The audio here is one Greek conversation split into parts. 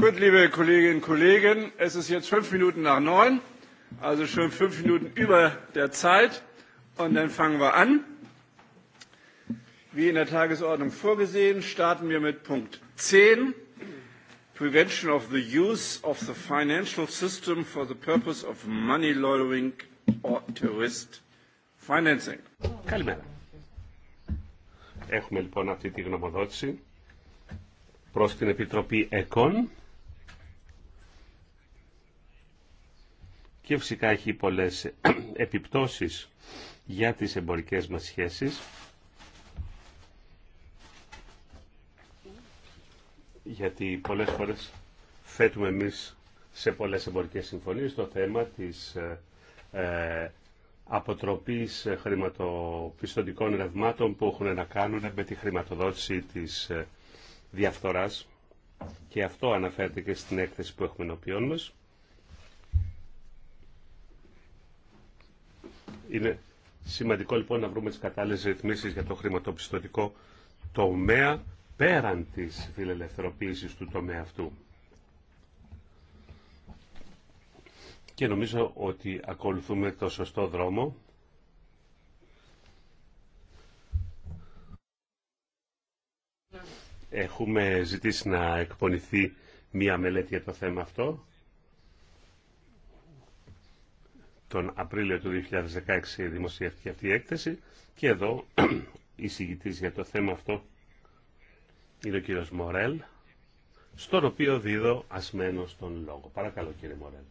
Gut, liebe Kolleginnen und Kollegen, es ist jetzt fünf Minuten nach neun, also schon fünf Minuten über der Zeit. Und dann fangen wir an. Wie in der Tagesordnung vorgesehen, starten wir mit Punkt 10, Prevention of the Use of the Financial System for the Purpose of Money Laundering or Terrorist Financing. Καλημέρα. Έχουμε λοιπόν αυτή τη γνωμοδότηση προς την Επιτροπή econ και φυσικά έχει πολλές επιπτώσεις για τις εμπορικές μας σχέσεις. Γιατί πολλές φορές θέτουμε εμείς σε πολλές εμπορικές συμφωνίες το θέμα της ε, ε αποτροπής χρηματοπιστωτικών ρευμάτων που έχουν να κάνουν με τη χρηματοδότηση της ε, διαφθοράς και αυτό αναφέρεται και στην έκθεση που έχουμε ενώπιόν μας. Είναι σημαντικό λοιπόν να βρούμε τις κατάλληλες ρυθμίσεις για το χρηματοπιστωτικό τομέα πέραν της φιλελευθερωποίησης του τομέα αυτού. Και νομίζω ότι ακολουθούμε το σωστό δρόμο. Έχουμε ζητήσει να εκπονηθεί μία μελέτη για το θέμα αυτό. τον Απρίλιο του 2016 δημοσιεύτηκε αυτή η έκθεση και εδώ η συγκητής για το θέμα αυτό είναι ο κύριος Μορέλ, στον οποίο δίδω ασμένος τον λόγο. Παρακαλώ κύριε Μορέλ.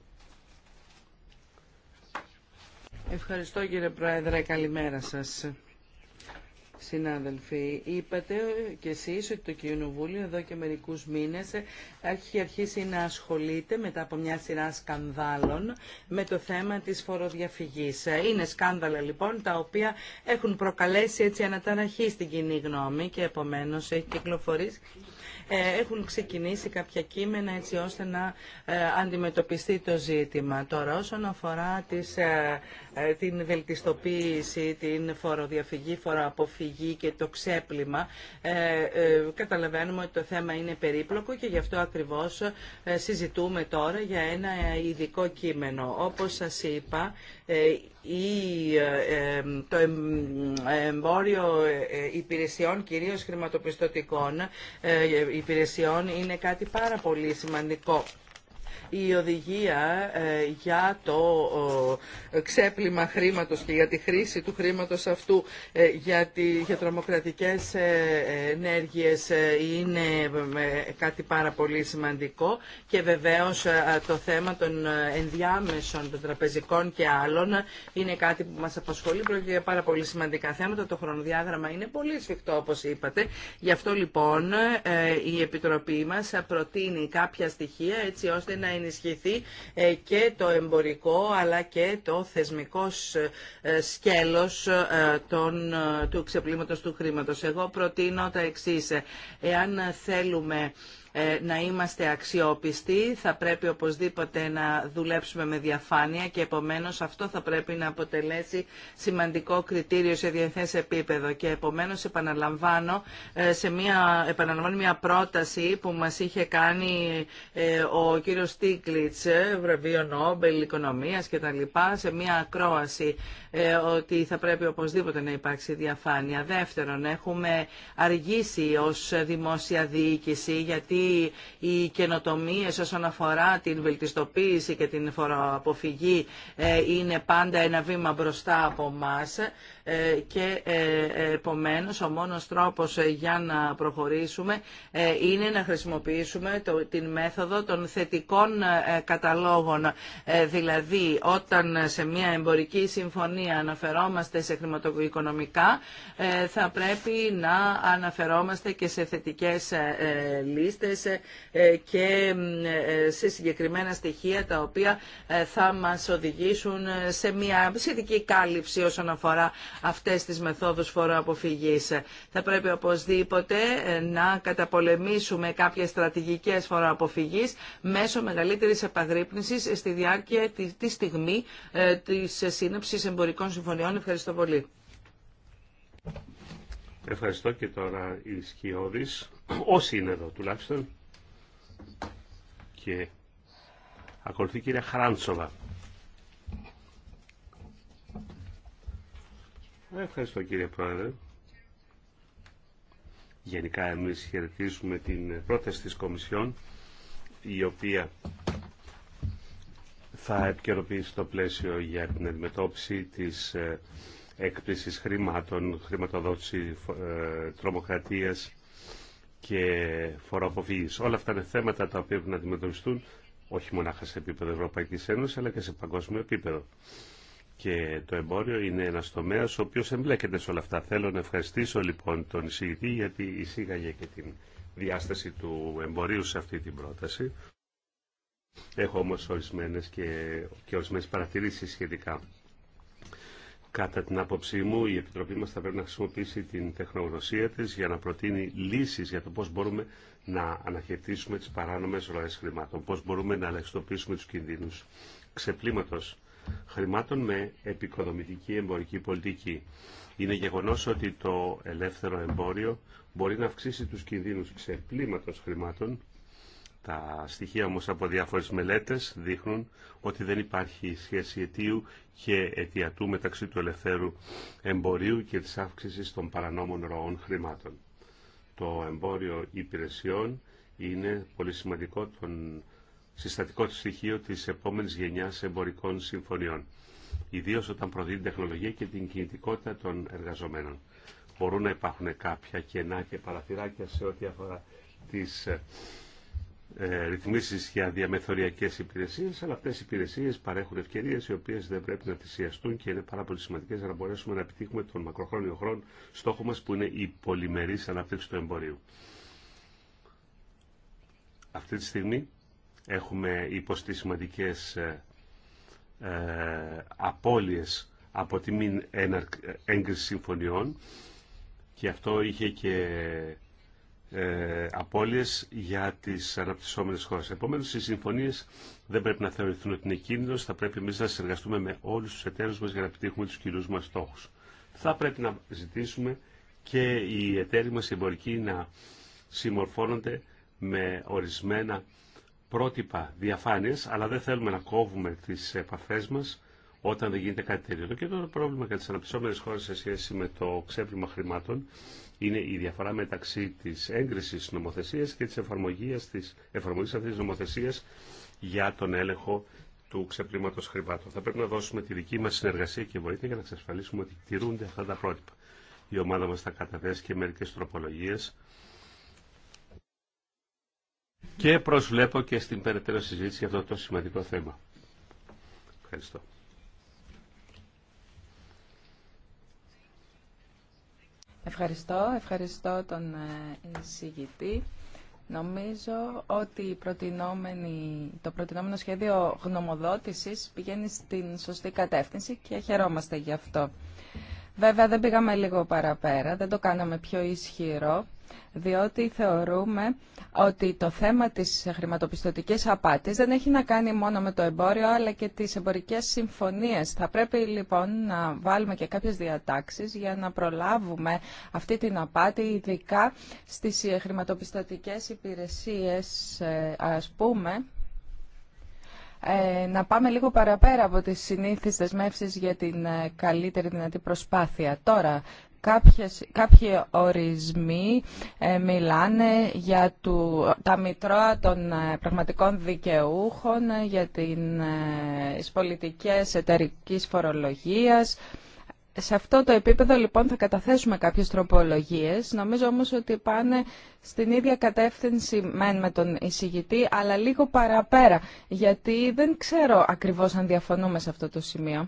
Ευχαριστώ κύριε Πρόεδρε, καλημέρα σας. Συνάδελφοι, είπατε και εσείς ότι το Κοινοβούλιο εδώ και μερικούς μήνες έχει αρχίσει να ασχολείται μετά από μια σειρά σκανδάλων με το θέμα της φοροδιαφυγής. Είναι σκάνδαλα λοιπόν τα οποία έχουν προκαλέσει έτσι αναταραχή στην κοινή γνώμη και επομένως έχει κυκλοφορήσει ε, έχουν ξεκινήσει κάποια κείμενα έτσι ώστε να ε, αντιμετωπιστεί το ζήτημα. Τώρα όσον αφορά ε, την βελτιστοποίηση, την φοροδιαφυγή, φοροαποφυγή και το ξέπλυμα, καταλαβαίνουμε ότι το θέμα είναι περίπλοκο και γι' αυτό ακριβώς συζητούμε τώρα για ένα ειδικό κείμενο. Όπως σας είπα, ε, ε, το εμπόριο ε, υπηρεσιών, κυρίως χρηματοπιστωτικών υπηρεσιών, είναι κάτι πάρα πολύ σημαντικό η οδηγία ε, για το ε, ξέπλυμα χρήματος και για τη χρήση του χρήματος αυτού ε, για, τη, για τρομοκρατικές ενέργειες είναι κάτι πάρα πολύ σημαντικό και βεβαίως το θέμα των ενδιάμεσων, των τραπεζικών και άλλων είναι κάτι που μας απασχολεί, πρόκειται για πάρα πολύ σημαντικά θέματα. Το χρονοδιάγραμμα είναι πολύ σφιχτό όπως είπατε. Γι' αυτό λοιπόν η Επιτροπή μας προτείνει κάποια στοιχεία έτσι ώστε να ενισχυθεί ε, και το εμπορικό αλλά και το θεσμικό ε, σκέλος ε, των, του ξεπλήματος του χρήματος. Εγώ προτείνω τα εξής. Εάν θέλουμε ε, να είμαστε αξιόπιστοι, θα πρέπει οπωσδήποτε να δουλέψουμε με διαφάνεια και επομένως αυτό θα πρέπει να αποτελέσει σημαντικό κριτήριο σε διεθνές επίπεδο και επομένως επαναλαμβάνω ε, σε μια, επαναλαμβάνω μια πρόταση που μας είχε κάνει ε, ο κύριος Στίγκλιτς, βραβείο Νόμπελ, οικονομίας και τα λοιπά, σε μια ακρόαση ότι θα πρέπει οπωσδήποτε να υπάρξει διαφάνεια. Δεύτερον, έχουμε αργήσει ως δημόσια διοίκηση γιατί οι καινοτομίες όσον αφορά την βελτιστοποίηση και την φοροαποφυγή ε, είναι πάντα ένα βήμα μπροστά από μας ε, και ε, επομένως ο μόνος τρόπος ε, για να προχωρήσουμε είναι να χρησιμοποιήσουμε την μέθοδο των θετικών καταλόγων. Δηλαδή όταν σε μια εμπορική συμφωνία αναφερόμαστε σε χρηματοοικονομικά θα πρέπει να αναφερόμαστε και σε θετικές λίστες και σε συγκεκριμένα στοιχεία τα οποία θα μας οδηγήσουν σε μια σχετική κάλυψη όσον αφορά αυτές τις μεθόδους φοροαποφυγής. Θα πρέπει οπωσδήποτε ε, να καταπολεμήσουμε κάποιες στρατηγικές φοροαποφυγής μέσω μεγαλύτερης επαγρύπνησης στη διάρκεια τη, στιγμή ε, της σύνοψης εμπορικών συμφωνιών. Ευχαριστώ πολύ. Ευχαριστώ και τώρα η Σκιώδης, όσοι είναι εδώ τουλάχιστον. Και ακολουθεί κυρία Χράντσοβα. Ευχαριστώ κύριε Πρόεδρε. Γενικά εμείς χαιρετίζουμε την πρόταση της Κομισιόν η οποία θα επικαιροποιήσει το πλαίσιο για την αντιμετώπιση της ε, έκπληση χρημάτων, χρηματοδότηση ε, τρομοκρατίας και φοροαποφύγης. Όλα αυτά είναι θέματα τα οποία πρέπει να αντιμετωπιστούν όχι μόνο σε επίπεδο Ευρωπαϊκής Ένωσης αλλά και σε παγκόσμιο επίπεδο και το εμπόριο είναι ένα τομέα ο οποίο εμπλέκεται σε όλα αυτά. Θέλω να ευχαριστήσω λοιπόν τον εισηγητή γιατί εισήγαγε και την διάσταση του εμπορίου σε αυτή την πρόταση. Έχω όμω ορισμένε και, και ορισμένες παρατηρήσεις σχετικά. Κατά την άποψή μου, η Επιτροπή μα θα πρέπει να χρησιμοποιήσει την τεχνογνωσία τη για να προτείνει λύσει για το πώ μπορούμε να αναχαιτήσουμε τι παράνομε ροέ χρημάτων, πώ μπορούμε να ελαχιστοποιήσουμε του κινδύνου ξεπλήματος χρημάτων με επικοδομητική εμπορική πολιτική. Είναι γεγονός ότι το ελεύθερο εμπόριο μπορεί να αυξήσει τους κινδύνους ξεπλήματος χρημάτων. Τα στοιχεία όμως από διάφορες μελέτες δείχνουν ότι δεν υπάρχει σχέση αιτίου και αιτιατού μεταξύ του ελευθέρου εμπορίου και της αύξησης των παρανόμων ροών χρημάτων. Το εμπόριο υπηρεσιών είναι πολύ σημαντικό των συστατικό στοιχείο τη επόμενη γενιά εμπορικών συμφωνιών, Ιδίω όταν προδίδει την τεχνολογία και την κινητικότητα των εργαζομένων. Μπορούν να υπάρχουν κάποια κενά και παραθυράκια σε ό,τι αφορά τι ε, ε, ρυθμίσεις για διαμεθοριακές υπηρεσίες, αλλά αυτές οι υπηρεσίες παρέχουν ευκαιρίες οι οποίες δεν πρέπει να θυσιαστούν και είναι πάρα πολύ σημαντικές για να μπορέσουμε να επιτύχουμε τον μακροχρόνιο χρόνο στόχο μας που είναι η πολυμερής αναπτύξη του εμπορίου. Αυτή τη στιγμή Έχουμε υποστεί σημαντικές ε, ε απώλειες από τη μην έγκριση συμφωνιών και αυτό είχε και ε, απώλειες για τις αναπτυσσόμενες χώρες. Επομένως, οι συμφωνίες δεν πρέπει να θεωρηθούν ότι είναι κίνδυνος, θα πρέπει εμείς να συνεργαστούμε με όλους τους εταίρους μας για να επιτύχουμε τους κυρίους μας στόχους. Θα πρέπει να ζητήσουμε και οι εταίροι μας εμπορικοί να συμμορφώνονται με ορισμένα πρότυπα διαφάνειας, αλλά δεν θέλουμε να κόβουμε τις επαφές μας όταν δεν γίνεται κάτι τέτοιο. Το πρόβλημα για τις αναπτυσσόμενες χώρες σε σχέση με το ξέπλυμα χρημάτων είναι η διαφορά μεταξύ της έγκρισης νομοθεσίας και της εφαρμογής, της εφαρμογής αυτής της νομοθεσίας για τον έλεγχο του ξεπλήματος χρημάτων. Θα πρέπει να δώσουμε τη δική μας συνεργασία και βοήθεια για να εξασφαλίσουμε ότι τηρούνται αυτά τα πρότυπα. Η ομάδα μας θα καταθέσει και μερικές τροπολογίες και προσβλέπω και στην περαιτέρω συζήτηση για αυτό το σημαντικό θέμα. Ευχαριστώ. Ευχαριστώ. Ευχαριστώ τον ε, εισηγητή. Νομίζω ότι το προτινόμενο σχέδιο γνωμοδότησης πηγαίνει στην σωστή κατεύθυνση και χαιρόμαστε γι' αυτό. Βέβαια δεν πήγαμε λίγο παραπέρα, δεν το κάναμε πιο ισχυρό διότι θεωρούμε ότι το θέμα της χρηματοπιστωτικής απάτης δεν έχει να κάνει μόνο με το εμπόριο, αλλά και τις εμπορικές συμφωνίες. Θα πρέπει λοιπόν να βάλουμε και κάποιες διατάξεις για να προλάβουμε αυτή την απάτη, ειδικά στις ε, χρηματοπιστωτικές υπηρεσίες, ε, ας πούμε, ε, να πάμε λίγο παραπέρα από τις συνήθεις δεσμεύσεις για την καλύτερη δυνατή προσπάθεια. Τώρα, Κάποιες, κάποιοι ορισμοί ε, μιλάνε για του, τα μητρώα των ε, πραγματικών δικαιούχων, ε, για την, τις πολιτικές εταιρικής φορολογίας. Σε αυτό το επίπεδο λοιπόν θα καταθέσουμε κάποιες τροπολογίες. Νομίζω όμως ότι πάνε στην ίδια κατεύθυνση με τον εισηγητή, αλλά λίγο παραπέρα, γιατί δεν ξέρω ακριβώς αν διαφωνούμε σε αυτό το σημείο.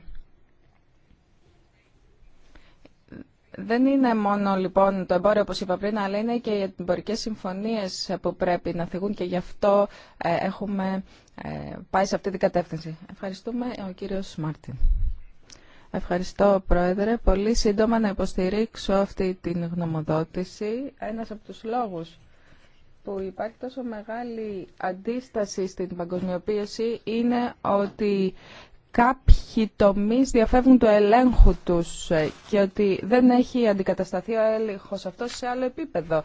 Δεν είναι μόνο λοιπόν το εμπόριο όπως είπα πριν, αλλά είναι και οι εμπορικές συμφωνίες που πρέπει να θυγούν και γι' αυτό ε, έχουμε ε, πάει σε αυτή την κατεύθυνση. Ευχαριστούμε ε, ο κύριος Μάρτιν. Ευχαριστώ Πρόεδρε. Πολύ σύντομα να υποστηρίξω αυτή την γνωμοδότηση. Ένας από τους λόγους που υπάρχει τόσο μεγάλη αντίσταση στην παγκοσμιοποίηση είναι ότι κάποιοι τομείς διαφεύγουν του ελέγχου τους ε, και ότι δεν έχει αντικατασταθεί ο έλεγχος αυτό σε άλλο επίπεδο.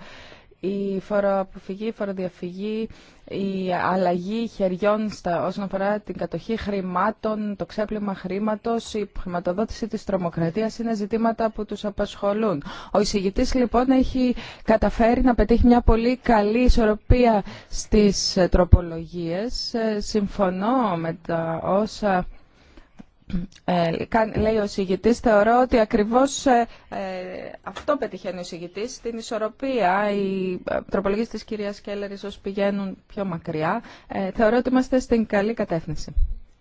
Η φοροαποφυγή, η φοροδιαφυγή, η αλλαγή χεριών στα, όσον αφορά την κατοχή χρημάτων, το ξέπλυμα χρήματος, η χρηματοδότηση της τρομοκρατίας είναι ζητήματα που τους απασχολούν. Ο εισηγητής λοιπόν έχει καταφέρει να πετύχει μια πολύ καλή ισορροπία στις ε, τροπολογίες. Ε, συμφωνώ με τα όσα ε, λέει ο συγητής, θεωρώ ότι ακριβώς ε, ε, αυτό πετυχαίνει ο συγητής, την ισορροπία. Οι τροπολογίες της κυρίας Κέλλερ ω πηγαίνουν πιο μακριά. θεωρώ ότι είμαστε στην καλή κατεύθυνση.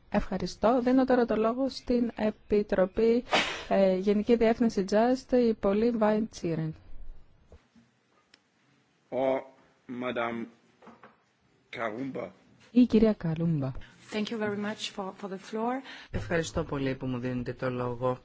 Ευχαριστώ. Δίνω τώρα το λόγο στην Επιτροπή Γενική Διεύθυνση Just, η Πολύ Βάιν Τσίρεν. Η κυρία Καλούμπα. Ευχαριστώ πολύ που μου δίνετε το λόγο.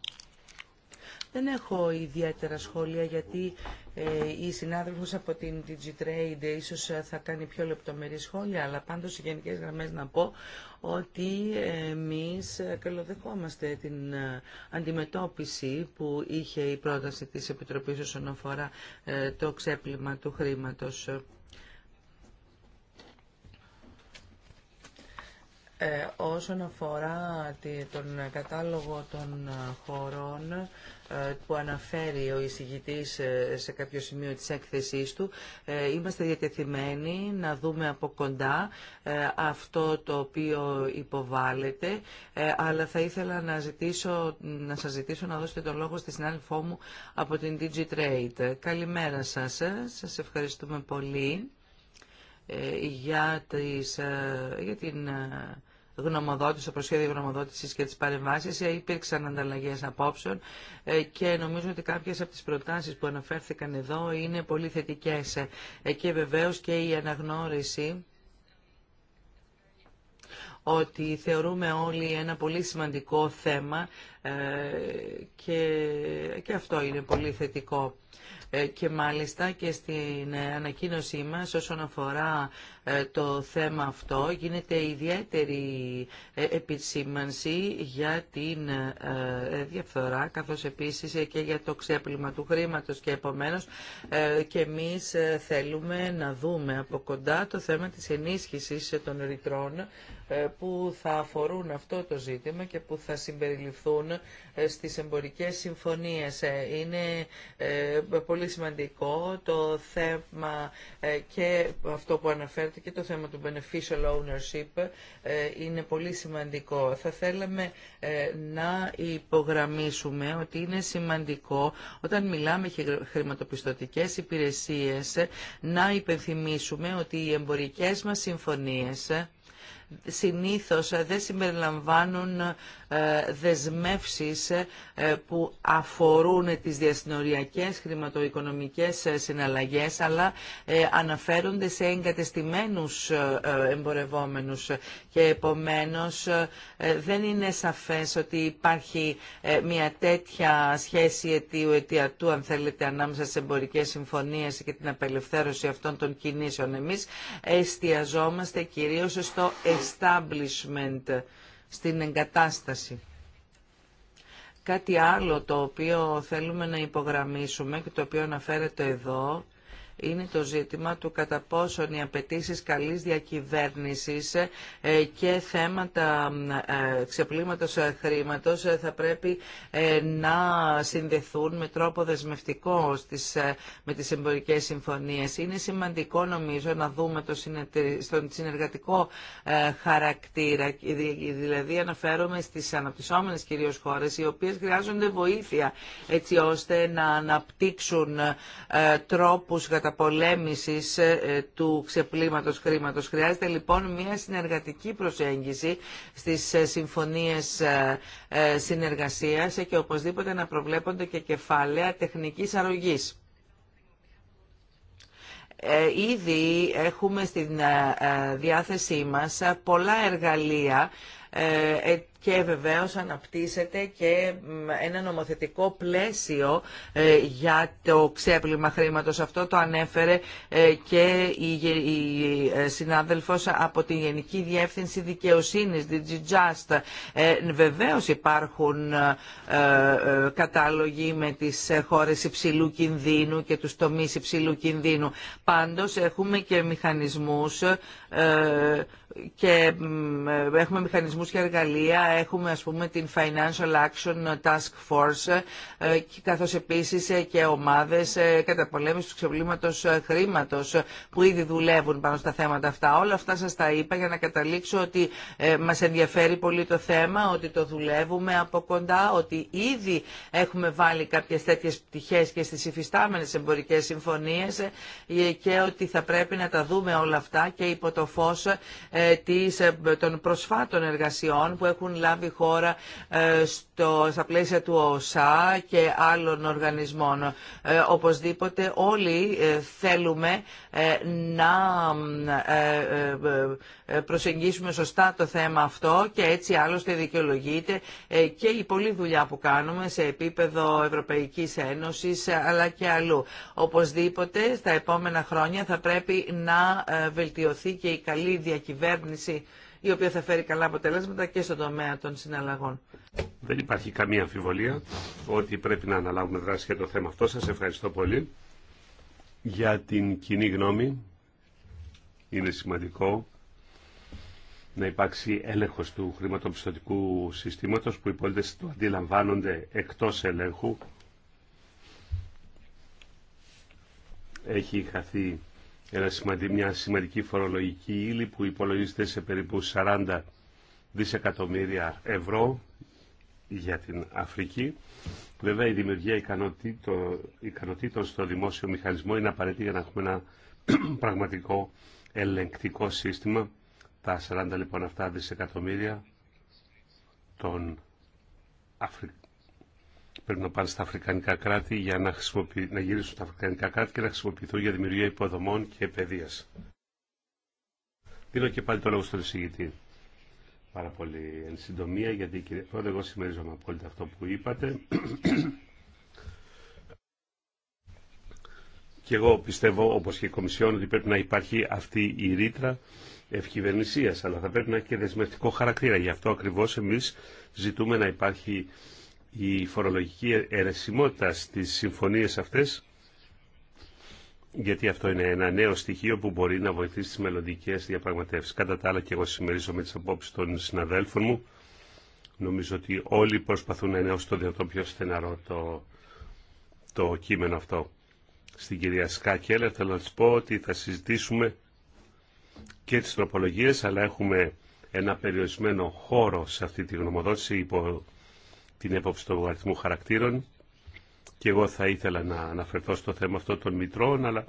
Δεν έχω ιδιαίτερα σχόλια γιατί ε, η συνάδελφος από την DigiTrade ίσως ε, θα κάνει πιο λεπτομερή σχόλια, αλλά πάντως σε γενικές γραμμές να πω ότι εμείς καλοδεχόμαστε την ε, αντιμετώπιση που είχε η πρόταση της Επιτροπής όσον αφορά το ξέπλυμα του χρήματος. Ε, όσον αφορά τον κατάλογο των ε, χωρών ε, που αναφέρει ο εισηγητής σε κάποιο σημείο της έκθεσής του, είμαστε διατεθειμένοι να δούμε από κοντά αυτό το οποίο υποβάλλεται, αλλά θα ήθελα να, ζητήσω, να σας ζητήσω να δώσετε τον λόγο στη συνάδελφό μου από την DigiTrade. Καλημέρα σας, σας ευχαριστούμε πολύ για, τις, για την γνωμοδότηση, το προσχέδιο γνωμοδότηση και τι παρεμβάσει. Ε, υπήρξαν ανταλλαγέ απόψεων ε, και νομίζω ότι κάποιε από τι προτάσει που αναφέρθηκαν εδώ είναι πολύ θετικέ. Ε, και βεβαίω και η αναγνώριση ότι θεωρούμε όλοι ένα πολύ σημαντικό θέμα και, και αυτό είναι πολύ θετικό. Και μάλιστα και στην ανακοίνωσή μας όσον αφορά ε, το θέμα αυτό γίνεται ιδιαίτερη ε, επισήμανση για την ε, διαφθορά καθώς επίσης και για το ξέπλυμα του χρήματος και επομένως και εμείς θέλουμε να δούμε από κοντά το θέμα της ενίσχυσης των ρητρών που θα αφορούν αυτό το ζήτημα και που θα συμπεριληφθούν στις εμπορικές συμφωνίες. Είναι πολύ σημαντικό το θέμα και αυτό που αναφέρεται και το θέμα του beneficial ownership ε, είναι πολύ σημαντικό. Θα θέλαμε ε, να υπογραμμίσουμε ότι είναι σημαντικό όταν μιλάμε για χρηματοπιστωτικές υπηρεσίες να υπενθυμίσουμε ότι οι εμπορικές μας συμφωνίες συνήθως δεν συμπεριλαμβάνουν ε, δεσμεύσεις ε, που αφορούν τις διασυνοριακές χρηματοοικονομικές ε, συναλλαγές αλλά αναφέρονται σε εγκατεστημένους εμπορευόμενους και επομένως δεν είναι σαφές ότι υπάρχει μια τέτοια σχέση αιτίου αιτιατού αν θέλετε ανάμεσα σε εμπορικές συμφωνίες και την απελευθέρωση αυτών των κινήσεων. Εμείς εστιαζόμαστε κυρίως στο establishment στην εγκατάσταση. Κάτι άλλο το οποίο θέλουμε να υπογραμμίσουμε και το οποίο αναφέρεται εδώ είναι το ζήτημα του κατά πόσον οι απαιτήσει καλής διακυβέρνησης ε, και θέματα ε, ξεπλήματο ε, χρήματο θα πρέπει να συνδεθούν με τρόπο δεσμευτικό με τις εμπορικέ συμφωνίες. Είναι σημαντικό νομίζω να δούμε το στον συνεργατικό χαρακτήρα, δηλαδή αναφέρομαι στις αναπτυσσόμενες κυρίως χώρες, οι οποίε χρειάζονται βοήθεια έτσι ώστε να αναπτύξουν τρόπου κατά καταπολέμησης ε, του ξεπλήματος χρήματος. Χρειάζεται λοιπόν μια συνεργατική προσέγγιση στις ε, συμφωνίες ε, συνεργασίας και οπωσδήποτε να προβλέπονται και κεφάλαια τεχνικής αρρωγής. Ήδη έχουμε στην διάθεσή μας πολλά εργαλεία και βεβαίως αναπτύσσεται και ένα νομοθετικό πλαίσιο ε, για το ξέπλυμα χρήματος. Αυτό το ανέφερε ε, και η ε, συνάδελφος από τη Γενική Διεύθυνση Δικαιοσύνης, G-Just. Βεβαίως υπάρχουν κατάλογοι με τις χώρες υψηλού κινδύνου και τους τομείς υψηλού κινδύνου. Πάντως έχουμε και μηχανισμούς και έχουμε μηχανισμούς και εργαλεία έχουμε ας πούμε την Financial Action Task Force ε, καθώς επίσης ε, και ομάδες ε, καταπολέμησης του ξεβλήματος χρήματος που ήδη δουλεύουν πάνω στα θέματα αυτά. Όλα αυτά σας τα είπα για να καταλήξω ότι μας ενδιαφέρει πολύ το θέμα, ότι το δουλεύουμε από κοντά, ότι ήδη έχουμε βάλει κάποιες τέτοιες πτυχές και στις υφιστάμενες εμπορικές συμφωνίες και ότι θα πρέπει να τα δούμε όλα αυτά και υπό το φως των προσφάτων εργασιών που έχουν λάβει χώρα ε, στο, στα πλαίσια του ΟΣΑ και άλλων οργανισμών. Ε, οπωσδήποτε όλοι ε, θέλουμε να προσεγγίσουμε σωστά το θέμα αυτό και έτσι άλλωστε δικαιολογείται και η πολλή δουλειά που κάνουμε σε επίπεδο Ευρωπαϊκής Ένωσης αλλά και αλλού. Οπωσδήποτε στα επόμενα χρόνια θα πρέπει να βελτιωθεί και η καλή διακυβέρνηση η οποία θα φέρει καλά αποτελέσματα και στον τομέα των συναλλαγών. Δεν υπάρχει καμία αμφιβολία ότι πρέπει να αναλάβουμε δράση για το θέμα αυτό. Σας ευχαριστώ πολύ για την κοινή γνώμη. Είναι σημαντικό να υπάρξει έλεγχος του χρηματοπιστωτικού συστήματος που οι πολίτες του αντιλαμβάνονται εκτός ελέγχου. Έχει χαθεί μια σημαντική φορολογική ύλη που υπολογίζεται σε περίπου 40 δισεκατομμύρια ευρώ για την Αφρική. Βέβαια η δημιουργία ικανοτήτων στο δημόσιο μηχανισμό είναι απαραίτητη για να έχουμε ένα πραγματικό ελεγκτικό σύστημα. Τα 40 λοιπόν αυτά δισεκατομμύρια των Αφρικών πρέπει να πάνε στα αφρικανικά κράτη για να, να γυρίσουν στα αφρικανικά κράτη και να χρησιμοποιηθούν για δημιουργία υποδομών και παιδεία. Δίνω και πάλι το λόγο στον εισηγητή. Πάρα πολύ εν συντομία, γιατί κύριε Πρόεδρε, εγώ συμμερίζομαι απόλυτα αυτό που είπατε. και εγώ πιστεύω, όπως και η Κομισιόν, ότι πρέπει να υπάρχει αυτή η ρήτρα ευκυβερνησίας, αλλά θα πρέπει να έχει και δεσμευτικό χαρακτήρα. Γι' αυτό ακριβώς εμείς ζητούμε να υπάρχει η φορολογική ερεσιμότητα στις συμφωνίες αυτές γιατί αυτό είναι ένα νέο στοιχείο που μπορεί να βοηθήσει τις μελλοντικέ διαπραγματεύσεις. Κατά τα άλλα και εγώ συμμερίζω με τις απόψεις των συναδέλφων μου. Νομίζω ότι όλοι προσπαθούν να είναι όσο το δυνατόν πιο στεναρό το, το κείμενο αυτό. Στην κυρία Σκάκελε θέλω να της πω ότι θα συζητήσουμε και τις τροπολογίες αλλά έχουμε ένα περιορισμένο χώρο σε αυτή τη γνωμοδότηση υπό την έποψη των αριθμού χαρακτήρων και εγώ θα ήθελα να αναφερθώ στο θέμα αυτό των μητρών, αλλά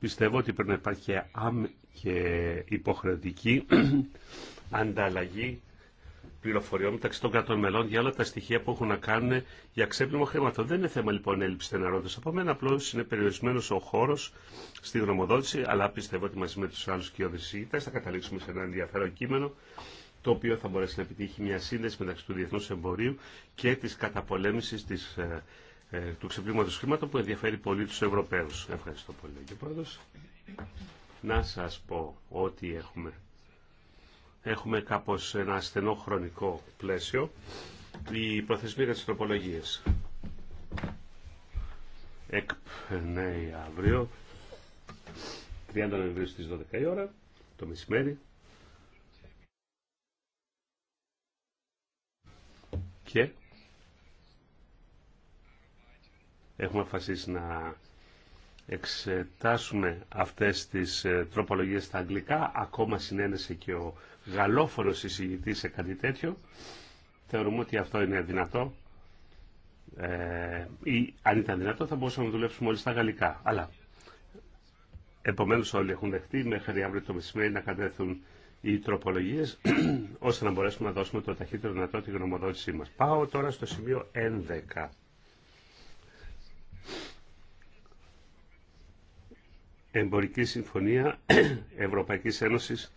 πιστεύω ότι πρέπει να υπάρχει και, αμ και υποχρεωτική ανταλλαγή πληροφοριών μεταξύ των κρατών μελών για όλα τα στοιχεία που έχουν να κάνουν για ξέπλυμα χρήματο. Δεν είναι θέμα λοιπόν έλλειψη στεναρότητα. Από μένα απλώ είναι περιορισμένο ο χώρο στη γνωμοδότηση, αλλά πιστεύω ότι μαζί με του άλλου κοιοδησίτε θα καταλήξουμε σε ένα ενδιαφέρον κείμενο το οποίο θα μπορέσει να επιτύχει μια σύνδεση μεταξύ του διεθνούς εμπορίου και της καταπολέμησης της, ε, ε, του ξεπλήματος χρήματος που ενδιαφέρει πολύ τους Ευρωπαίους. Ευχαριστώ πολύ και πρόεδρος. Να σας πω ότι έχουμε. Έχουμε κάπως ένα ασθενό χρονικό πλαίσιο. Η προθεσμοί για τις τροπολογίες. Εκπνέει αύριο, 30 Νοεμβρίου στις 12 η ώρα, το μεσημέρι. και έχουμε αποφασίσει να εξετάσουμε αυτές τις ε, τροπολογίες στα αγγλικά. Ακόμα συνένεσε και ο γαλλόφωνος εισηγητής σε κάτι τέτοιο. Θεωρούμε ότι αυτό είναι δυνατό. Ε, ή αν ήταν δυνατό θα μπορούσαμε να δουλέψουμε όλοι στα γαλλικά. Αλλά επομένως όλοι έχουν δεχτεί μέχρι αύριο το μεσημέρι να κατέθουν οι τροπολογίε ώστε να μπορέσουμε να δώσουμε το ταχύτερο δυνατό τη γνωμοδότησή μα. Πάω τώρα στο σημείο 11. Εμπορική Συμφωνία Ευρωπαϊκής Ένωσης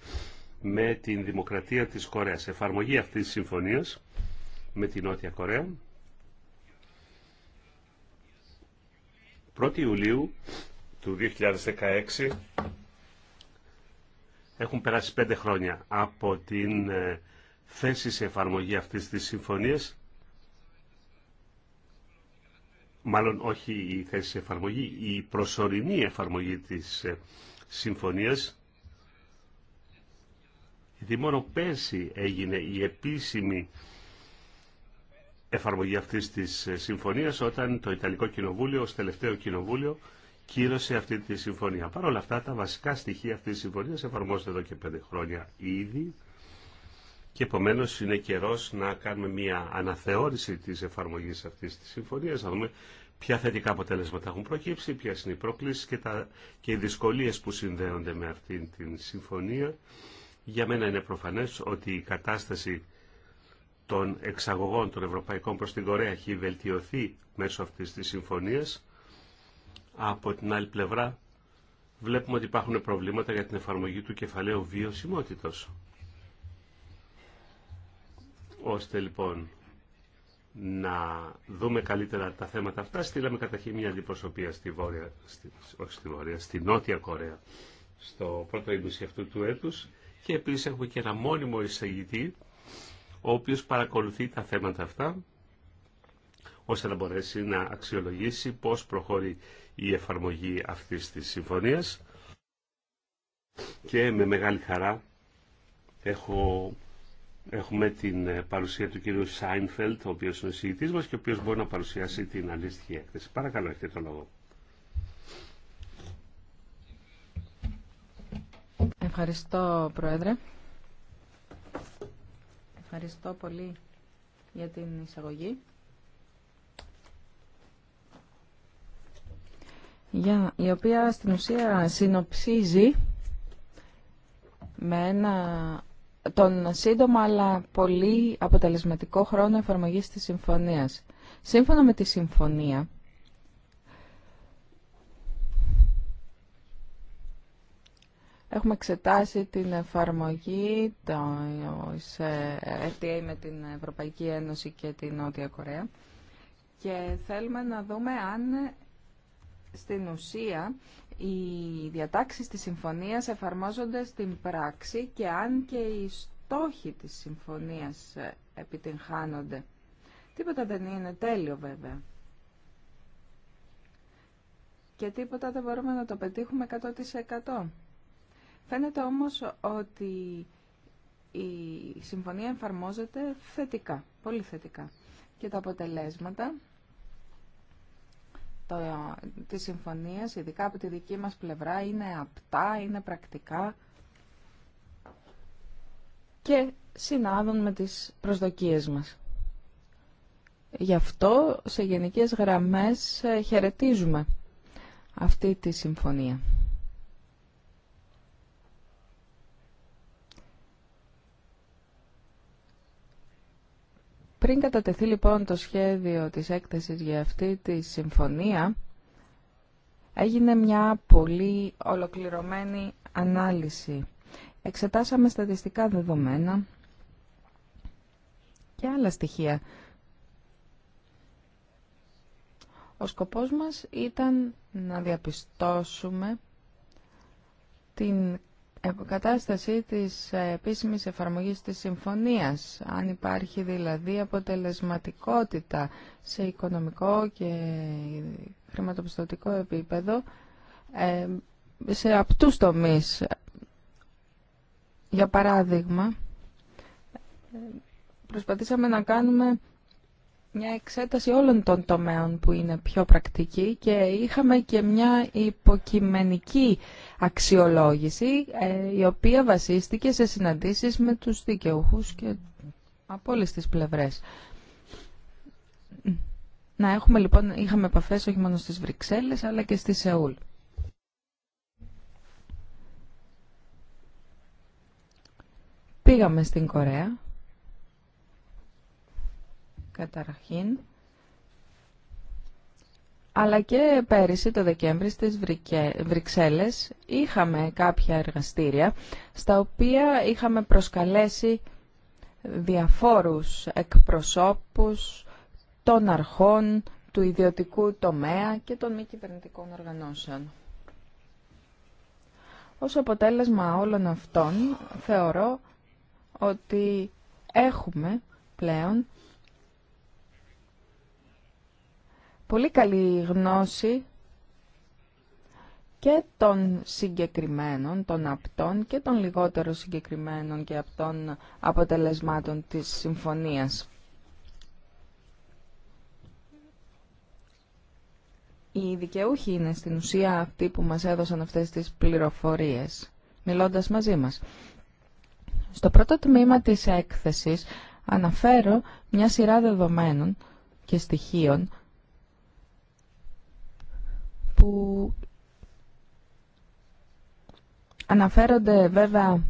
με την Δημοκρατία της Κορέας. Εφαρμογή αυτής της συμφωνίας με την Νότια Κορέα. 1η Ιουλίου του 2016 έχουν περάσει πέντε χρόνια από την ε, θέση σε εφαρμογή αυτής της συμφωνίας. Μάλλον όχι η θέση σε εφαρμογή, η προσωρινή εφαρμογή της ε, συμφωνίας. Γιατί μόνο πέρσι έγινε η επίσημη εφαρμογή αυτής της ε, συμφωνίας όταν το Ιταλικό Κοινοβούλιο ως τελευταίο κοινοβούλιο κύρωσε αυτή τη συμφωνία. Παρ' όλα αυτά τα βασικά στοιχεία αυτής της συμφωνίας εφαρμόζονται εδώ και πέντε χρόνια ήδη και επομένως είναι καιρός να κάνουμε μια αναθεώρηση της εφαρμογής αυτής της συμφωνίας, να δούμε ποια θετικά αποτέλεσματα έχουν προκύψει, ποιε είναι οι προκλήσεις και, τα, και οι δυσκολίες που συνδέονται με αυτή την συμφωνία. Για μένα είναι προφανές ότι η κατάσταση των εξαγωγών των ευρωπαϊκών προς την Κορέα έχει βελτιωθεί μέσω αυτής της συμφωνίας από την άλλη πλευρά βλέπουμε ότι υπάρχουν προβλήματα για την εφαρμογή του κεφαλαίου βιωσιμότητος. Ώστε λοιπόν να δούμε καλύτερα τα θέματα αυτά, στείλαμε καταρχήν μια αντιπροσωπεία στη Βόρεια, στη, όχι στη Νότια Κορέα, στο πρώτο ήμιση αυτού του έτους και επίσης έχουμε και ένα μόνιμο εισαγητή, ο οποίος παρακολουθεί τα θέματα αυτά, ώστε να μπορέσει να αξιολογήσει πώς προχωρεί η εφαρμογή αυτής της συμφωνίας και με μεγάλη χαρά έχω, έχουμε την ε, παρουσία του κύριου Σάινφελτ, ο οποίος είναι ο συγητής μας και ο οποίος μπορεί να παρουσιάσει την αντίστοιχη έκθεση. Παρακαλώ, έχετε το λόγο. Ευχαριστώ, Πρόεδρε. Ευχαριστώ πολύ για την εισαγωγή. για, η οποία στην ουσία συνοψίζει με τον σύντομο αλλά πολύ αποτελεσματικό χρόνο εφαρμογής της συμφωνίας. Σύμφωνα με τη συμφωνία, Έχουμε εξετάσει την εφαρμογή της ε, FTA με την Ευρωπαϊκή Ένωση και την Νότια Κορέα και θέλουμε να δούμε αν στην ουσία, οι διατάξεις της συμφωνίας εφαρμόζονται στην πράξη και αν και οι στόχοι της συμφωνίας ε, επιτυγχάνονται. Τίποτα δεν είναι τέλειο βέβαια. Και τίποτα δεν μπορούμε να το πετύχουμε 100%. Φαίνεται όμως ότι η συμφωνία εφαρμόζεται θετικά, πολύ θετικά. Και τα αποτελέσματα το, της συμφωνίας, ειδικά από τη δική μας πλευρά, είναι απτά, είναι πρακτικά και συνάδουν με τις προσδοκίες μας. Γι' αυτό σε γενικές γραμμές ε, χαιρετίζουμε αυτή τη συμφωνία. Πριν κατατεθεί λοιπόν το σχέδιο της έκθεσης για αυτή τη συμφωνία, έγινε μια πολύ ολοκληρωμένη ανάλυση. Εξετάσαμε στατιστικά δεδομένα και άλλα στοιχεία. Ο σκοπός μας ήταν να διαπιστώσουμε την εποκατάσταση της ε, επίσημης εφαρμογής της συμφωνίας, αν υπάρχει δηλαδή αποτελεσματικότητα σε οικονομικό και χρηματοπιστωτικό επίπεδο ε, σε απτούς τομείς. Ε, για παράδειγμα, προσπαθήσαμε να κάνουμε μια εξέταση όλων των τομέων που είναι πιο πρακτική και είχαμε και μια υποκειμενική αξιολόγηση ε, η οποία βασίστηκε σε συναντήσεις με τους δικαιούχους και από όλες τις πλευρές. Να έχουμε λοιπόν, είχαμε επαφές όχι μόνο στις Βρυξέλλες αλλά και στη Σεούλ. Πήγαμε στην Κορέα καταρχήν, αλλά και πέρυσι το Δεκέμβρη στις Βρυξέλλες είχαμε κάποια εργαστήρια στα οποία είχαμε προσκαλέσει διαφόρους εκπροσώπους των αρχών του ιδιωτικού τομέα και των μη κυβερνητικών οργανώσεων. Ως αποτέλεσμα όλων αυτών θεωρώ ότι έχουμε πλέον πολύ καλή γνώση και των συγκεκριμένων, των απτών και των λιγότερο συγκεκριμένων και απτών αποτελεσμάτων της συμφωνίας. Οι δικαιούχοι είναι στην ουσία αυτή που μας έδωσαν αυτές τις πληροφορίες, μιλώντας μαζί μας. Στο πρώτο τμήμα της έκθεσης αναφέρω μια σειρά δεδομένων και στοιχείων που αναφέρονται βέβαια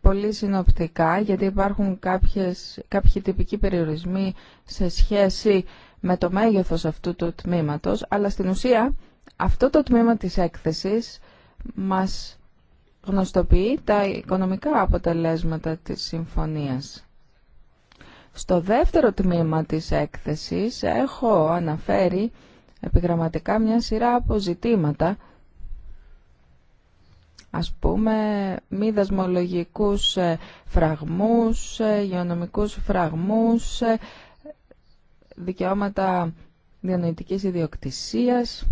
πολύ συνοπτικά γιατί υπάρχουν κάποιες, κάποιοι τυπικοί περιορισμοί σε σχέση με το μέγεθος αυτού του τμήματος αλλά στην ουσία αυτό το τμήμα της έκθεσης μας γνωστοποιεί τα οικονομικά αποτελέσματα της συμφωνίας. Στο δεύτερο τμήμα της έκθεσης έχω αναφέρει επιγραμματικά μια σειρά από ζητήματα, ας πούμε μη δασμολογικούς ε, φραγμούς, ε, υγειονομικούς φραγμούς, ε, δικαιώματα διανοητικής ιδιοκτησίας.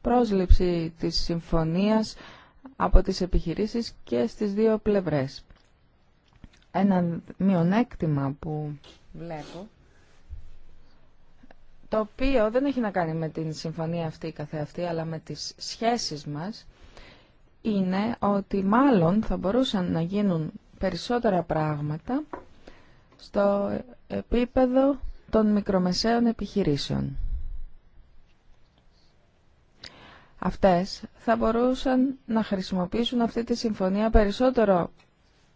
Πρόσληψη της συμφωνίας από τις επιχειρήσεις και στις δύο πλευρές. Ένα μειονέκτημα που βλέπω, το οποίο δεν έχει να κάνει με την συμφωνία αυτή καθεαυτή, αλλά με τις σχέσεις μας, είναι ότι μάλλον θα μπορούσαν να γίνουν περισσότερα πράγματα στο επίπεδο των μικρομεσαίων επιχειρήσεων. αυτές θα μπορούσαν να χρησιμοποιήσουν αυτή τη συμφωνία περισσότερο